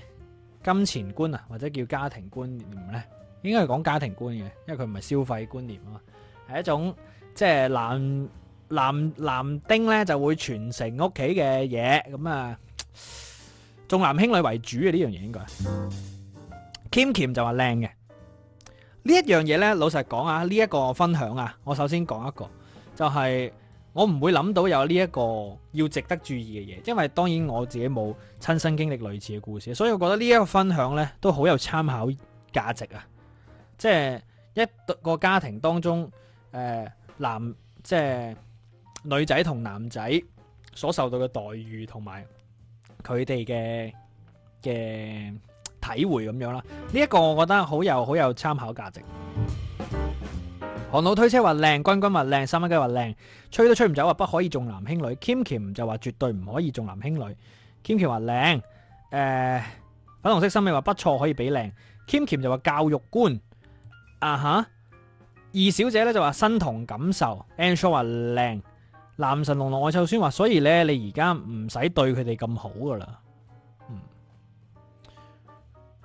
金錢觀啊，或者叫家庭觀念咧？應該係講家庭觀嘅，因為佢唔係消費觀念啊嘛，係一種即係男男男丁咧就會傳承屋企嘅嘢，咁啊重男輕女為主嘅呢樣嘢應該。Kim Kim 就話靚嘅，呢一樣嘢呢，老實講啊，呢、這、一個分享啊，我首先講一個，就係、是、我唔會諗到有呢一個要值得注意嘅嘢，因為當然我自己冇親身經歷類似嘅故事，所以我覺得呢一個分享呢都好有參考價值啊，即、就、係、是、一個家庭當中，誒、呃、男即係、就是、女仔同男仔所受到嘅待遇同埋佢哋嘅嘅。體會咁樣啦，呢一個我覺得好有好有參考價值。韓老推車話靚，君君話靚，三蚊雞話靚，吹都吹唔走話不可以重男輕女，Kim Kim 就話絕對唔可以重男輕女，Kim Kim 話靚、呃，粉紅色心你話不錯可以俾靚，Kim Kim 就話教育觀，啊哈，二小姐咧就話身同感受，Andrew 話靚，男神龍龍愛臭酸話所以咧你而家唔使對佢哋咁好噶啦。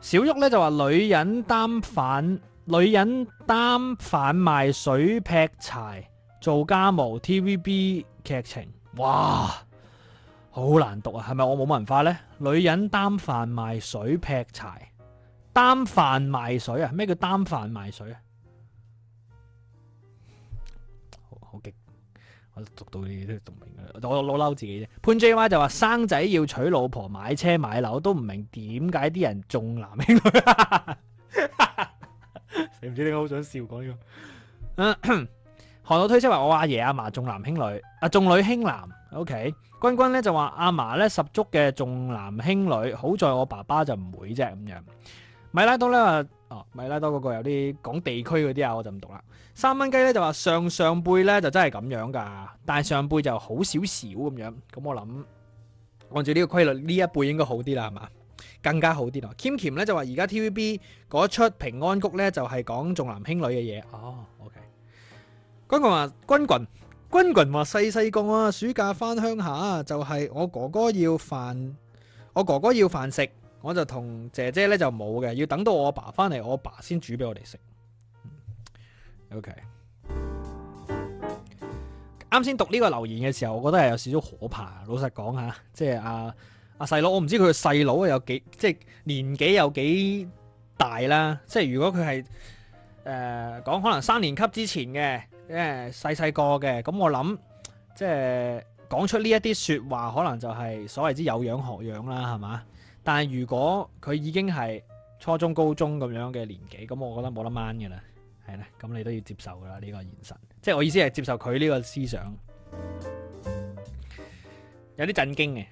小旭咧就話：女人擔幡，女人擔幡買水劈柴做家務。TVB 劇情，哇，好難讀啊！係咪我冇文化呢？女人擔幡買水劈柴，擔幡買水啊？咩叫擔幡買水啊？讀到呢啲讀唔明嘅，我老嬲自己啫。潘 J Y 就話，生仔要娶老婆買車買樓，都唔明點解啲人重男輕女。你 唔知點解好想笑講呢、呢個？嗯，韓 老推測話我阿爺阿嫲重男輕女，啊重女輕男。O、OK、K，君君咧就話阿嫲咧十足嘅重男輕女，好在我爸爸就唔會啫咁樣。米拉多咧話。哦，咪拉多嗰個有啲講地區嗰啲啊，我就唔讀啦。三蚊雞咧就話上上輩咧就真係咁樣噶，但係上輩就好少少咁樣，咁我諗按照呢個規律，呢一輩應該好啲啦，係嘛，更加好啲啦。Kim Kim 咧就話而家 T V B 嗰出平安谷咧就係、是、講重男輕女嘅嘢。哦，OK。君君話：君君，君君話細細個啊，暑假翻鄉下，就係、是、我哥哥要飯，我哥哥要飯食。我就同姐姐咧就冇嘅，要等到我阿爸翻嚟，我阿爸先煮俾我哋食。OK，啱先讀呢個留言嘅時候，我覺得係有少少可怕。老實講吓，啊啊，即係阿阿細佬，我唔知佢細佬有幾即係年紀有幾大啦。即係如果佢係誒講可能三年級之前嘅，誒細細個嘅，咁我諗即係講出呢一啲說話，可能就係所謂之有樣學樣啦，係嘛？但係如果佢已經係初中、高中咁樣嘅年紀，咁我覺得冇得掹嘅啦，係咧，咁你都要接受噶啦呢個現實，即係我意思係接受佢呢個思想，有啲震驚嘅。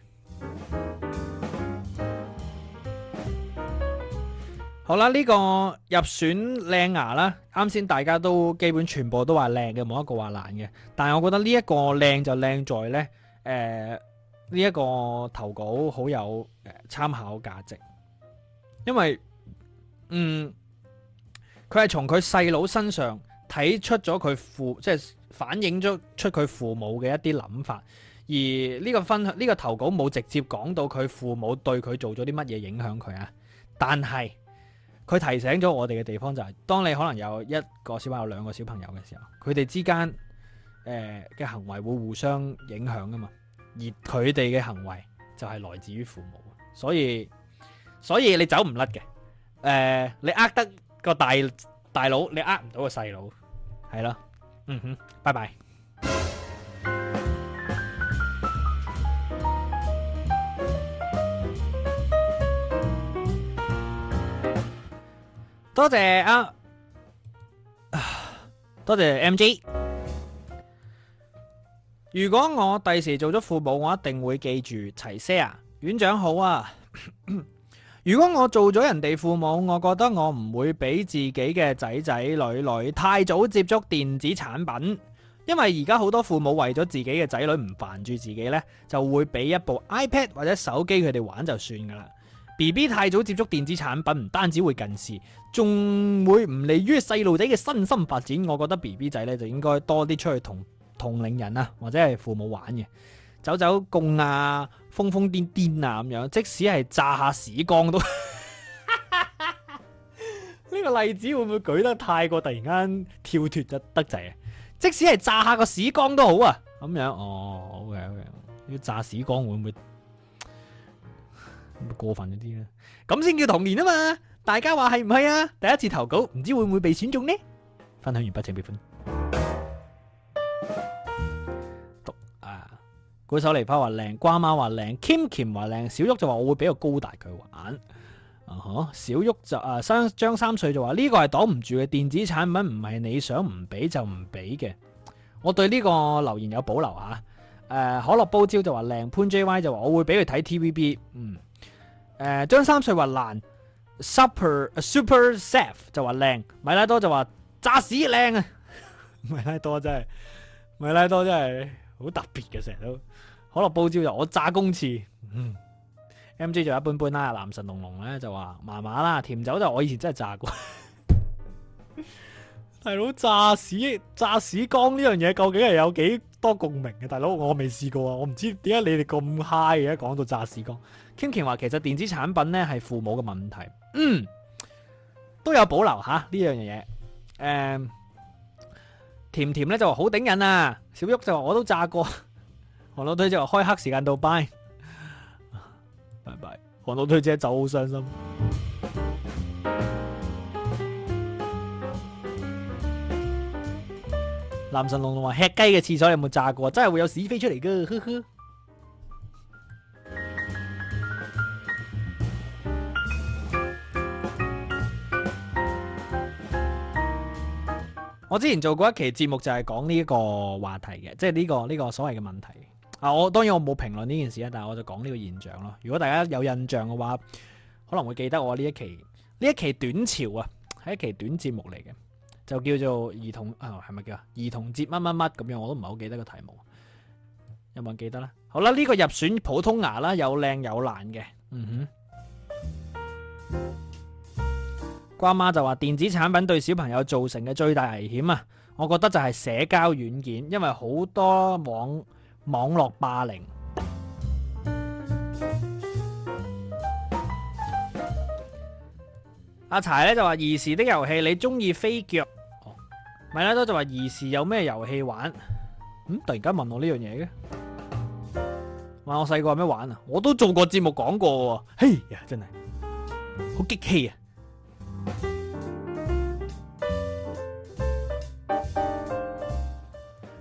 好啦，呢、這個入選靚牙啦，啱先大家都基本全部都話靚嘅，冇一個話難嘅，但係我覺得呢一個靚就靚在呢。誒、呃。呢一個投稿好有參考價值，因為嗯，佢係從佢細佬身上睇出咗佢父，即係反映咗出佢父母嘅一啲諗法。而呢個分享呢個投稿冇直接講到佢父母對佢做咗啲乜嘢影響佢啊，但係佢提醒咗我哋嘅地方就係、是，當你可能有一個小朋友、兩個小朋友嘅時候，佢哋之間誒嘅、呃、行為會互相影響噶嘛。而佢哋嘅行為就係來自於父母，所以所以你走唔甩嘅，誒你呃得個大大佬，你呃唔到個細佬，係啦，嗯哼，拜拜，多謝啊，多謝 MG。如果我第時做咗父母，我一定會記住齊些牙，院長好啊。 如果我做咗人哋父母，我覺得我唔會俾自己嘅仔仔女女太早接觸電子產品，因為而家好多父母為咗自己嘅仔女唔煩住自己呢，就會俾一部 iPad 或者手機佢哋玩就算噶啦。B B 太早接觸電子產品，唔單止會近視，仲會唔利於細路仔嘅身心發展。我覺得 B B 仔呢，就應該多啲出去同。同齡人啊，或者係父母玩嘅，走走貢啊，瘋瘋癲癲啊，咁樣，即使係炸下屎缸都，呢 個例子會唔會舉得太過突然間跳脫得得滯啊？即使係炸下個屎缸都好啊，咁樣哦，好嘅好嘅，要炸屎缸會唔會 過分一啲咧？咁先叫童年啊嘛，大家話係唔係啊？第一次投稿，唔知會唔會被選中呢？分享完畢，請俾分。舉手嚟翻話靚，瓜媽話靚，Kim Kim 話靚，小旭就話我會比較高大佢玩，uh、huh, 小玉就啊，小旭就，誒，張三歲就話呢個係擋唔住嘅電子產品，唔係你想唔俾就唔俾嘅，我對呢個留言有保留吓，誒、啊、可樂煲蕉就話靚，潘 JY 就話我會俾佢睇 TVB，嗯，誒、啊、張三歲話爛，Supper Super Chef 就話靚，米拉多就話炸屎靚啊 米，米拉多真係，米拉多真係。特別的好特別嘅成日都，可樂布招就我炸公廁，嗯，M J 就一般般啦。男神龍龍咧就話麻麻啦，甜酒就我以前真係炸過。大佬 炸屎炸屎缸，呢樣嘢究竟係有幾多共鳴嘅？大佬我未試過啊，我唔知點解你哋咁嗨嘅，講到炸屎缸。Kim K 話其實電子產品咧係父母嘅問題，嗯，都有保留下呢樣嘢，誒、嗯。甜甜咧就話好頂癮啊，小旭就話我都炸過，韓老推就話開黑時間到，拜拜，e 韓老推姐走，好傷心。男神龍龍話吃雞嘅廁所有冇炸過？真係會有屎飛出嚟噶，呵呵。我之前做過一期節目，就係講呢一個話題嘅，即係呢個呢個所謂嘅問題啊。我當然我冇評論呢件事啊，但係我就講呢個現象咯。如果大家有印象嘅話，可能會記得我呢一期呢一期短潮啊，係一期短節目嚟嘅，就叫做兒童啊，係咪叫兒童節乜乜乜咁樣？我都唔係好記得個題目，有冇人記得咧？好啦，呢個入選普通牙啦，有靚有爛嘅，嗯哼。瓜媽就話電子產品對小朋友造成嘅最大危險啊，我覺得就係社交軟件，因為好多網網絡霸凌。阿、啊、柴咧就話兒時的遊戲，你鍾意飛腳？米拉多就話兒時有咩遊戲玩？咁、嗯、突然間問我呢樣嘢嘅，話我細個有咩玩啊？我都做過節目講過喎、哦，嘿呀，真係好激氣啊！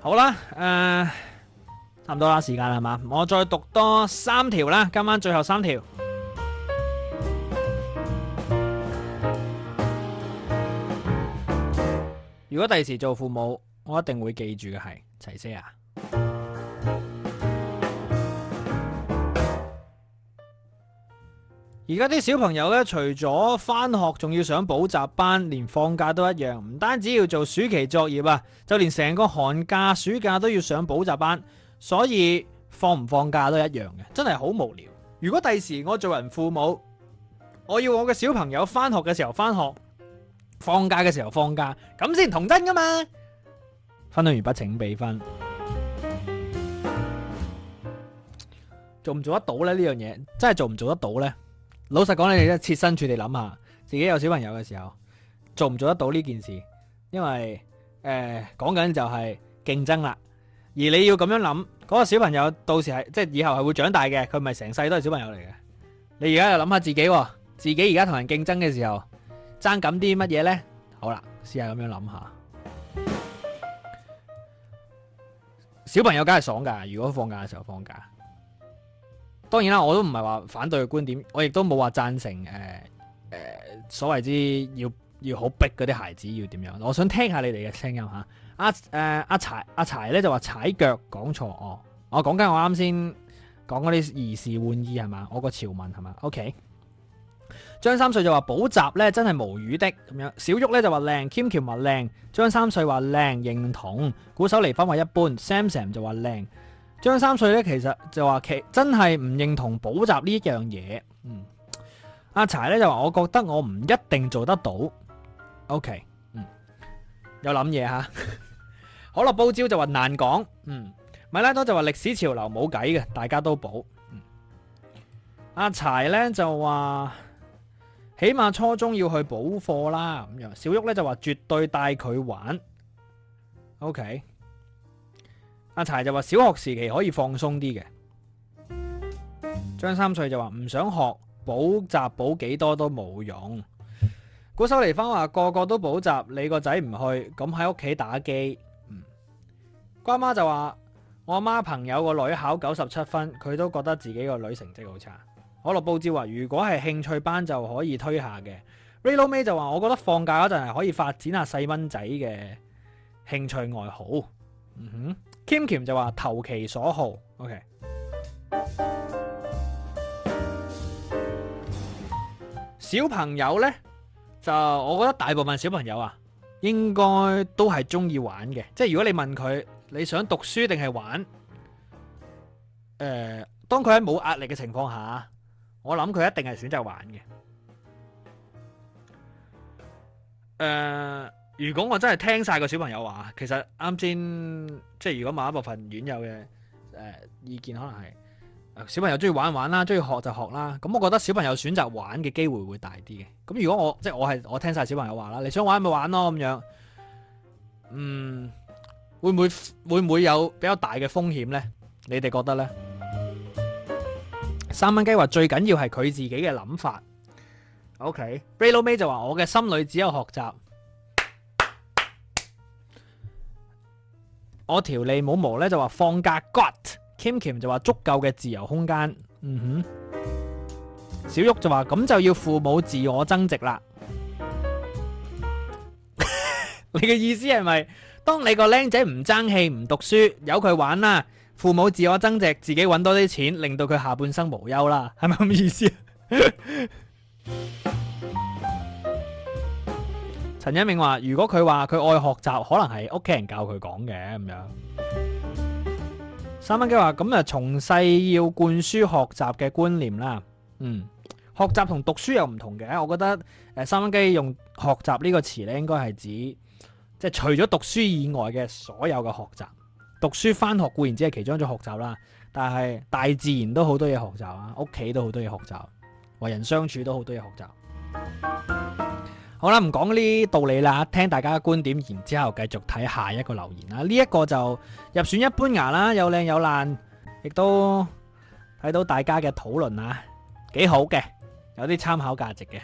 好啦，誒、呃，差唔多啦，時間啦係嘛，我再讀多三條啦，今晚最後三條。如果第時做父母，我一定會記住嘅係齊些啊。而家啲小朋友咧，除咗翻學仲要上補習班，連放假都一樣。唔單止要做暑期作業啊，就連成個寒假、暑假都要上補習班，所以放唔放假都一樣嘅，真係好無聊。如果第時我做人父母，我要我嘅小朋友翻學嘅時候翻學，放假嘅時候放假，咁先童真噶嘛？分享完畢請俾分，嗯、做唔做得到呢？呢樣嘢真係做唔做得到呢？老實講，你哋都切身處地諗下，自己有小朋友嘅時候，做唔做得到呢件事？因為誒，講緊就係競爭啦。而你要咁樣諗，嗰個小朋友到時係即係以後係會長大嘅，佢唔係成世都係小朋友嚟嘅。你而家又諗下自己、哦，自己而家同人競爭嘅時候，爭咁啲乜嘢呢？好啦，試下咁樣諗下。小朋友梗係爽噶，如果放假嘅時候放假。當然啦，我都唔係話反對嘅觀點，我亦都冇話贊成、呃呃、所謂之要要好逼嗰啲孩子要點樣。我想聽下你哋嘅聲音嚇。阿誒阿柴阿、啊、柴咧就話踩腳講錯哦。我講緊我啱先講嗰啲兒時玩意係嘛，我個潮文係嘛。OK，張三歲就話補習咧真係無語的咁樣。小玉咧就話靚，Kim 喬話靚，張三歲話靚，認同，古手離婚話一般，Sam Sam 就話靚。張三歲咧，其實就話其真係唔認同補習呢一樣嘢。嗯，阿柴咧就話，我覺得我唔一定做得到。O.K. 嗯，有諗嘢吓。 好啦，報招就話難講。嗯，米拉多就話歷史潮流冇計嘅，大家都補，嗯。阿柴咧就話，起碼初中要去補課啦。咁樣，小旭咧就話絕對帶佢玩。O.K. 阿柴就話小學時期可以放鬆啲嘅，張三歲就話唔想學，補習補幾多都冇用。古手嚟翻話個個都補習，你個仔唔去咁喺屋企打機。瓜、嗯、媽媽，媽就話我阿媽朋友個女考九十七分，佢都覺得自己個女成績好差。可落報紙話如果係興趣班就可以推下嘅。Raylo May 就話我覺得放假嗰陣係可以發展下細蚊仔嘅興趣愛好。嗯哼。Kim Kim 就話投其所好，OK。小朋友呢，就我覺得大部分小朋友啊，應該都係中意玩嘅。即係如果你問佢你想讀書定係玩，誒、呃，當佢喺冇壓力嘅情況下，我諗佢一定係選擇玩嘅。呃如果我真係聽晒個小朋友的話，其實啱先即係如果某一部分網友嘅誒意見，可能係小朋友中意玩玩啦，中意學就學啦。咁我覺得小朋友選擇玩嘅機會會大啲嘅。咁如果我即係我係我聽晒小朋友的話啦，你想玩咪玩咯咁樣。嗯，會唔會會唔會有比較大嘅風險呢？你哋覺得呢？三蚊雞話最緊要係佢自己嘅諗法。OK，Raylo May 就話我嘅心裡只有學習。我條脷冇毛咧就話放假 got，Kim Kim 就話足夠嘅自由空間，嗯哼，小玉就話咁就要父母自我增值啦。 你嘅意思係咪？當你個僆仔唔爭氣，唔讀書，由佢玩啦，父母自我增值，自己搵多啲錢，令到佢下半生無憂啦，係咪咁意思？ 陳一明話：如果佢話佢愛學習，可能係屋企人教佢講嘅咁樣。三蚊雞話：咁啊，從細要灌輸學習嘅觀念啦。嗯，學習同讀書又唔同嘅。我覺得誒，三蚊雞用學習呢個詞咧，應該係指即係除咗讀書以外嘅所有嘅學習。讀書翻學固然只係其中一種學習啦，但係大自然都好多嘢學習啊，屋企都好多嘢學習，為人相處都好多嘢學習。好啦，唔講呢啲道理啦，聽大家嘅觀點，然之後繼續睇下一個留言啦。呢一個就入選一般牙啦，又靚又爛，亦都睇到大家嘅討論啊，幾好嘅，有啲參考價值嘅。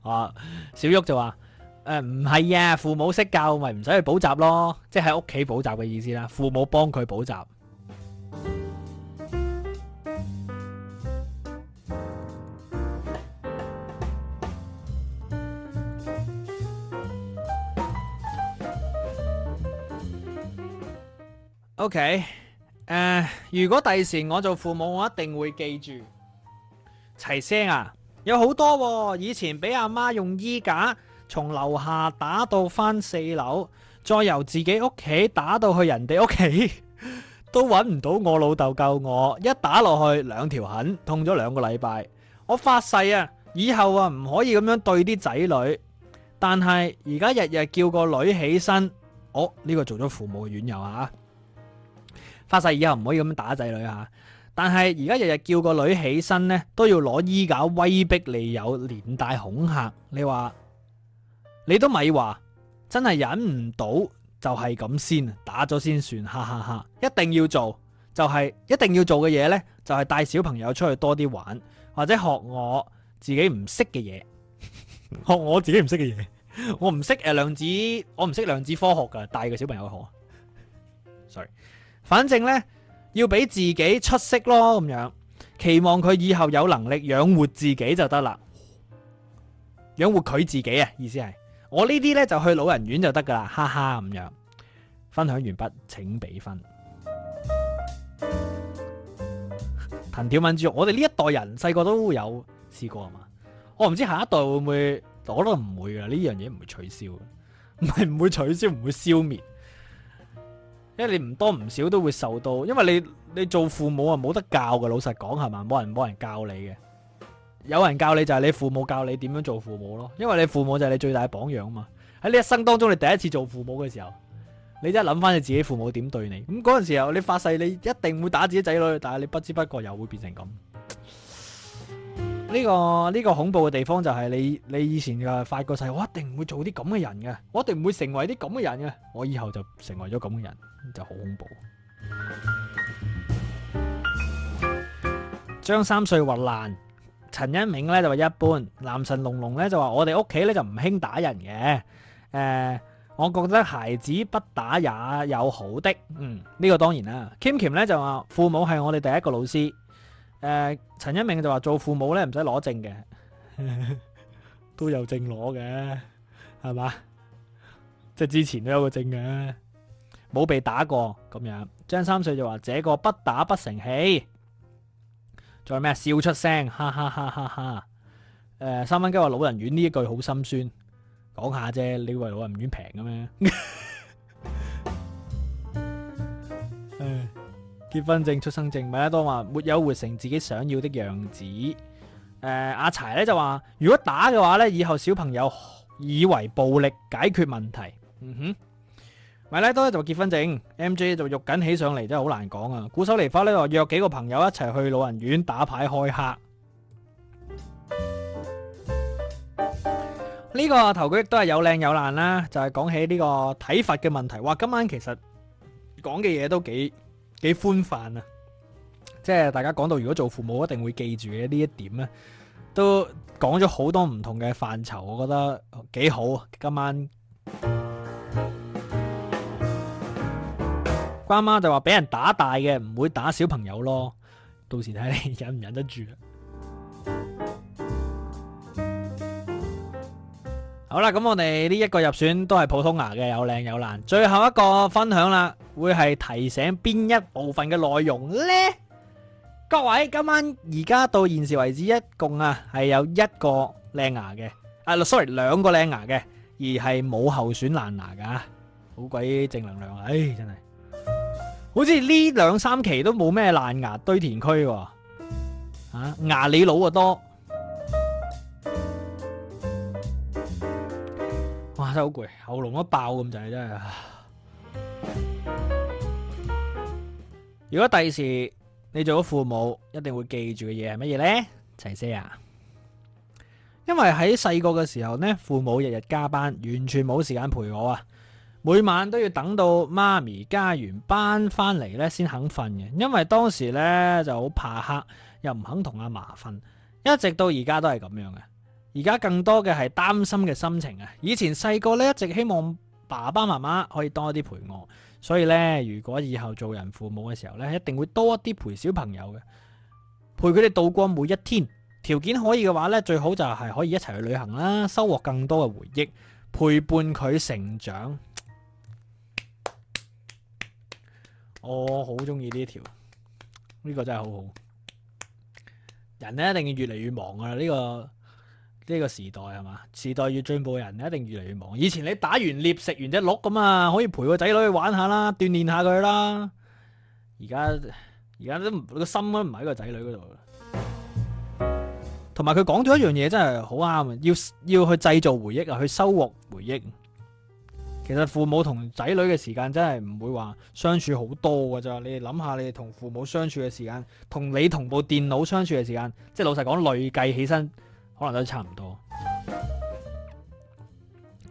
哦，小旭就話：誒，唔係啊，父母識教咪唔使去補習咯，即係喺屋企補習嘅意思啦，父母幫佢補習。O K，誒，okay. uh, 如果第時我做父母，我一定會記住齊聲啊。有好多、啊、以前俾阿媽用衣架從樓下打到翻四樓，再由自己屋企打到去人哋屋企， 都揾唔到我老豆救我。一打落去兩條痕，痛咗兩個禮拜。我發誓啊，以後啊唔可以咁樣對啲仔女。但係而家日日叫個女起身，哦，呢、呢個做咗父母嘅緣由啊。發誓以後唔可以咁樣打仔女吓，但係而家日日叫個女起身咧，都要攞衣架威逼利誘連帶恐吓，你話你都咪話，真係忍唔到就係咁先，打咗先算，哈哈哈！一定要做，就係、是、一定要做嘅嘢呢，就係、是、帶小朋友出去多啲玩，或者學我自己唔識嘅嘢， 學我自己唔識嘅嘢，我唔識誒量子，我唔識量子科學噶，帶個小朋友去學，sorry。反正呢，要俾自己出色咯，咁樣期望佢以後有能力養活自己就得啦，養活佢自己啊！意思係我呢啲呢，就去老人院就得噶啦，哈哈咁樣。分享完畢，請俾分。 藤條炆豬肉，我哋呢一代人細個都有試過吖嘛，我唔知下一代會唔會，我都得唔會噶，呢樣嘢唔會取消，唔係唔會取消，唔會消滅。因為你唔多唔少都會受到，因為你你做父母啊冇得教嘅，老實講係嘛，冇人冇人教你嘅，有人教你就係你父母教你點樣做父母咯，因為你父母就係你最大嘅榜樣啊嘛，喺你一生當中你第一次做父母嘅時候，你真係諗翻你自己父母點對你，咁嗰陣時候你發誓你一定會打自己仔女，但係你不知不覺又會變成咁。呢、這個呢、這個恐怖嘅地方就係你你以前嘅發過誓，我一定唔會做啲咁嘅人嘅，我一定唔會成為啲咁嘅人嘅，我以後就成為咗咁嘅人，就好恐怖。張三歲話爛。陳一鳴咧就話一般，男神龍龍咧就話我哋屋企咧就唔興打人嘅。誒、呃，我覺得孩子不打也有好的，嗯，呢、這個當然啦。Kim Kim 咧就話父母係我哋第一個老師。誒，陳、呃、一鳴就話做父母咧唔使攞證嘅， 都有證攞嘅，係嘛？即係之前都有個證嘅，冇被打過咁樣。張三歲就話，這個不打不成器。」仲有咩笑出聲，哈哈哈哈！誒、呃，三蚊雞話老人院呢一句好心酸，講下啫。你以為老人院平嘅咩？ 結婚證、出生證，米拉多話沒有活成自己想要的樣子。誒，阿柴咧就話如果打嘅話咧，以後小朋友以為暴力解決問題。嗯哼，米拉多咧就結婚證，M J 就喐緊起上嚟，真係好難講啊！古手梨花咧話約幾個朋友一齊去老人院打牌開黑。呢個頭居都係有靚有爛啦，就係講起呢個體罰嘅問題。哇，今晚其實講嘅嘢都幾～幾寬泛啊！即係大家講到，如果做父母，一定會記住嘅呢一點咧，都講咗好多唔同嘅範疇，我覺得幾好啊。今晚關媽，媽就話俾人打大嘅，唔會打小朋友咯。到時睇你忍唔忍得住。好啦，咁我哋呢一個入選都係普通牙嘅，有靚有爛。最後一個分享啦，會係提醒邊一部分嘅內容呢？各位，今晚而家到現時為止，一共啊，係有一個靚牙嘅，啊，sorry，兩個靚牙嘅，而係冇候選爛牙噶，好鬼正能量啊！唉，真係，好似呢兩三期都冇咩爛牙堆填區喎，吓牙你佬啊多。真係好攰，喉嚨都爆咁滯，真係。如果第時你做咗父母，一定會記住嘅嘢係乜嘢呢？齊姐啊，因為喺細個嘅時候呢，父母日日加班，完全冇時間陪我啊。每晚都要等到媽咪加完班翻嚟呢先肯瞓嘅。因為當時呢就好怕黑，又唔肯同阿嫲瞓，一直到而家都係咁樣嘅。而家更多嘅係擔心嘅心情啊！以前細個咧，一直希望爸爸媽媽可以多啲陪我，所以咧如果以後做人父母嘅時候咧，一定會多一啲陪小朋友嘅，陪佢哋度過每一天。條件可以嘅話咧，最好就係可以一齊去旅行啦，收穫更多嘅回憶，陪伴佢成長。我好中意呢一條，呢個真係好好。人咧一定要越嚟越忙啊！呢個呢個時代係嘛？時代越進步人，人一定越嚟越忙。以前你打完獵食完隻鹿咁啊，可以陪個仔女去玩下啦，鍛煉下佢啦。而家而家都個心都唔喺個仔女嗰度。同埋佢講咗一樣嘢真係好啱啊！要要去製造回憶啊，去收穫回憶。其實父母同仔女嘅時間真係唔會話相處好多噶咋。你諗下，你同父母相處嘅時間，同你同部電腦相處嘅時間，即係老實講，累計起身。可能都差唔多，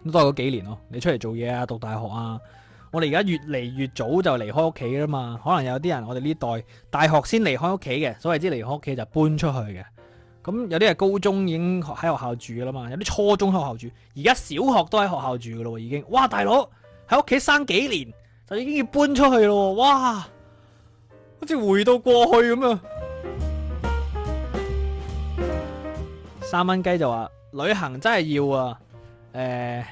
咁多咗幾年咯。你出嚟做嘢啊，讀大學啊。我哋而家越嚟越早就離開屋企啦嘛。可能有啲人我哋呢代大學先離開屋企嘅，所謂之離開屋企就搬出去嘅。咁有啲係高中已經喺學校住噶啦嘛，有啲初中學校住，而家小學都喺學校住噶咯已經。哇，大佬喺屋企生幾年就已經要搬出去咯，哇！好似回到過去咁啊～三蚊雞就話旅行真係要啊，誒、呃，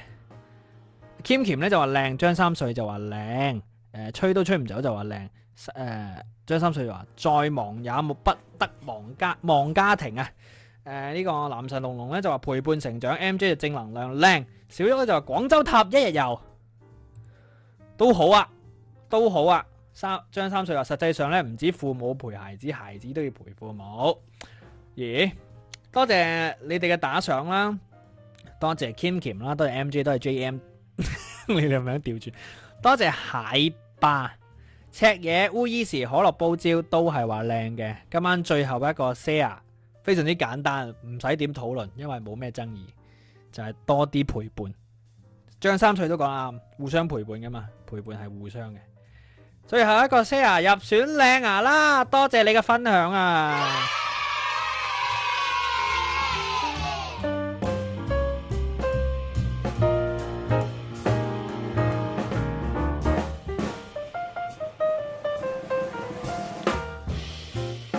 謙謙咧就話靚，張三歲就話靚，誒、呃，吹都吹唔走就話靚，誒、呃，張三歲就話再忙也冇不得忙家忙家庭啊，誒、呃，呢、這個男神龍龍咧就話陪伴成長，M J 嘅正能量靚，小玉咧就話廣州塔一日遊都好啊，都好啊，三張三歲話實際上咧唔止父母陪孩子，孩子都要陪父母，咦？多謝你哋嘅打賞啦，多謝 Kim Kim 啦，都係 M J，都係 J M， 你哋咪吊住。多謝蟹霸、赤嘢、烏衣時、可樂、煲椒都係話靚嘅。今晚最後一個 share 非常之簡單，唔使點討論，因為冇咩爭議，就係、是、多啲陪伴。張三脆都講啱，互相陪伴噶嘛，陪伴係互相嘅。最後一個 share 入選靚牙啦，多謝你嘅分享啊！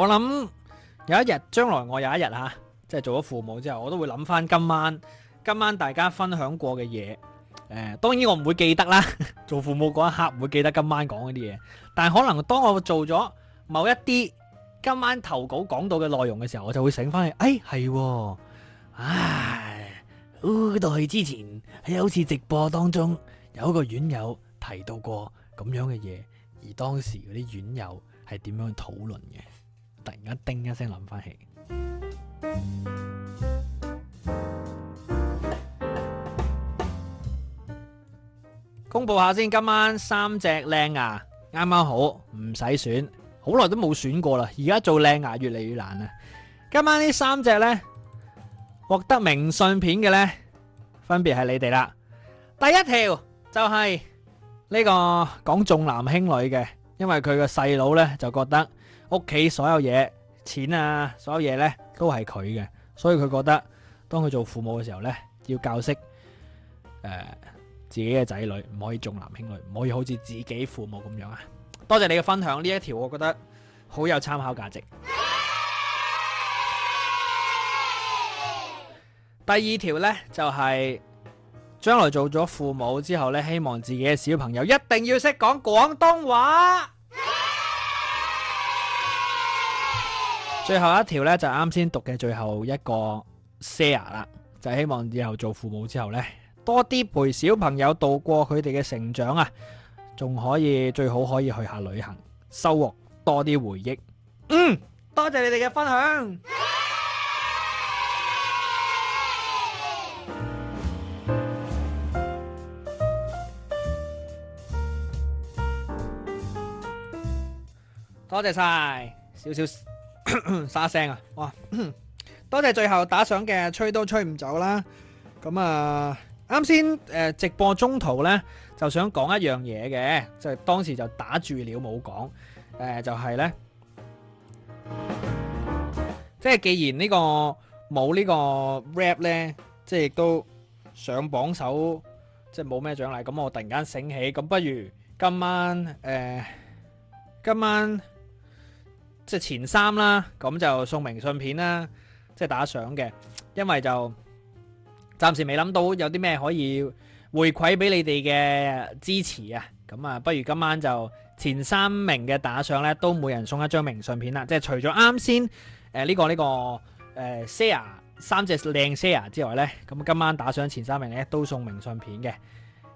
我諗有一日，將來我有一日吓、啊，即係做咗父母之後，我都會諗翻今晚，今晚大家分享過嘅嘢。誒、呃，當然我唔會記得啦，做父母嗰一刻唔會記得今晚講嗰啲嘢。但係可能當我做咗某一啲今晚投稿講到嘅內容嘅時候，我就會醒翻起，誒、哎、係、哦，唉，哦、到去之前喺好似直播當中有一個院友提到過咁樣嘅嘢，而當時嗰啲院友係點樣討論嘅？突然間叮一聲諗翻起，公布下先。今晚三隻靚牙啱啱好，唔使選，好耐都冇選過啦。而家做靚牙越嚟越難啦！今晚呢三隻呢獲得明信片嘅呢，分別係你哋啦。第一條就係呢個講重男輕女嘅，因為佢個細佬呢就覺得。屋企所有嘢、錢啊、所有嘢呢，都係佢嘅，所以佢覺得當佢做父母嘅時候呢，要教識、呃、自己嘅仔女，唔可以重男輕女，唔可以好似自己父母咁樣啊！多謝你嘅分享，呢一條我覺得好有參考價值。耶第二條呢，就係、是、將來做咗父母之後呢，希望自己嘅小朋友一定要識講廣東話。最後一條呢，就啱先讀嘅最後一個 share 啦，就希望以後做父母之後呢，多啲陪小朋友度過佢哋嘅成長啊，仲可以最好可以去下旅行，收穫多啲回憶。嗯，多謝你哋嘅分享，多謝晒，少少，沙聲啊！哇，多謝最後打賞嘅，吹都吹唔走啦。咁啊，啱先誒直播中途咧，就想講一樣嘢嘅，即係當時就打住了冇講。誒，就係咧，即係既然呢個冇呢個 rap 咧，即係亦都上榜首，即係冇咩獎勵，咁我突然間醒起，咁不如今晚誒，今晚。即前三啦，咁就送明信片啦，即係打賞嘅。因為就暫時未諗到有啲咩可以回饋俾你哋嘅支持啊。咁啊，不如今晚就前三名嘅打賞咧，都每人送一張明信片啦。即係除咗啱先誒呢個呢、呢個誒、呃、share 三隻靚 share 之外咧，咁今晚打賞前三名咧都送明信片嘅。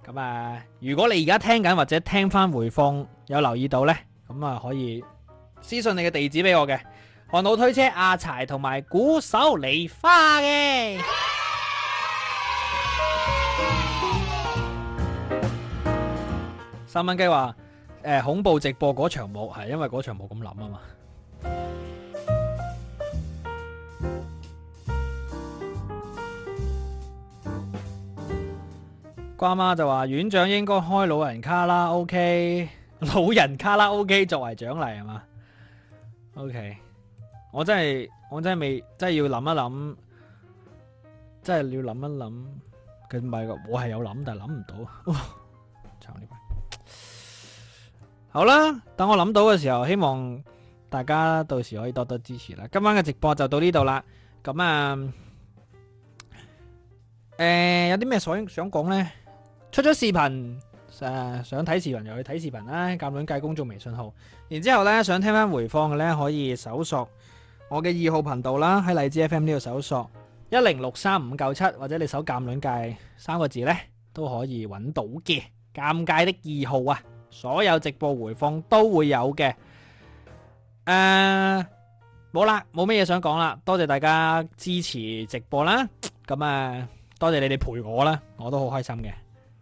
咁啊，如果你而家聽緊或者聽翻回放有留意到咧，咁啊可以。私信你嘅地址俾我嘅，看到推車阿柴同埋鼓手梨花嘅三蚊雞話：，誒、欸，恐怖直播嗰場冇，係因為嗰場冇咁諗啊嘛。瓜媽就話：院長應該開老人卡啦，OK，老人卡啦，OK 作為獎勵係嘛。OK，我真係我真係未真係要諗一諗，真係要諗一諗。佢唔係我係有諗，但係諗唔到。炒好啦，等我諗到嘅時候，希望大家到時可以多多支持啦。今晚嘅直播就到呢度啦。咁啊，誒、呃，有啲咩想想講呢？出咗視頻。誒，想睇視頻就去睇視頻啦，鑒卵計公眾微信號。然之後咧，想聽翻回放嘅咧，可以搜索我嘅二號頻道啦，喺荔枝 FM 呢度搜索一零六三五九七，或者你搜鑒卵計三個字咧，都可以揾到嘅。鑒界的二號啊，所有直播回放都會有嘅。誒，冇啦，冇乜嘢想講啦，多謝大家支持直播啦，咁啊，多謝你哋陪我啦，我都好開心嘅。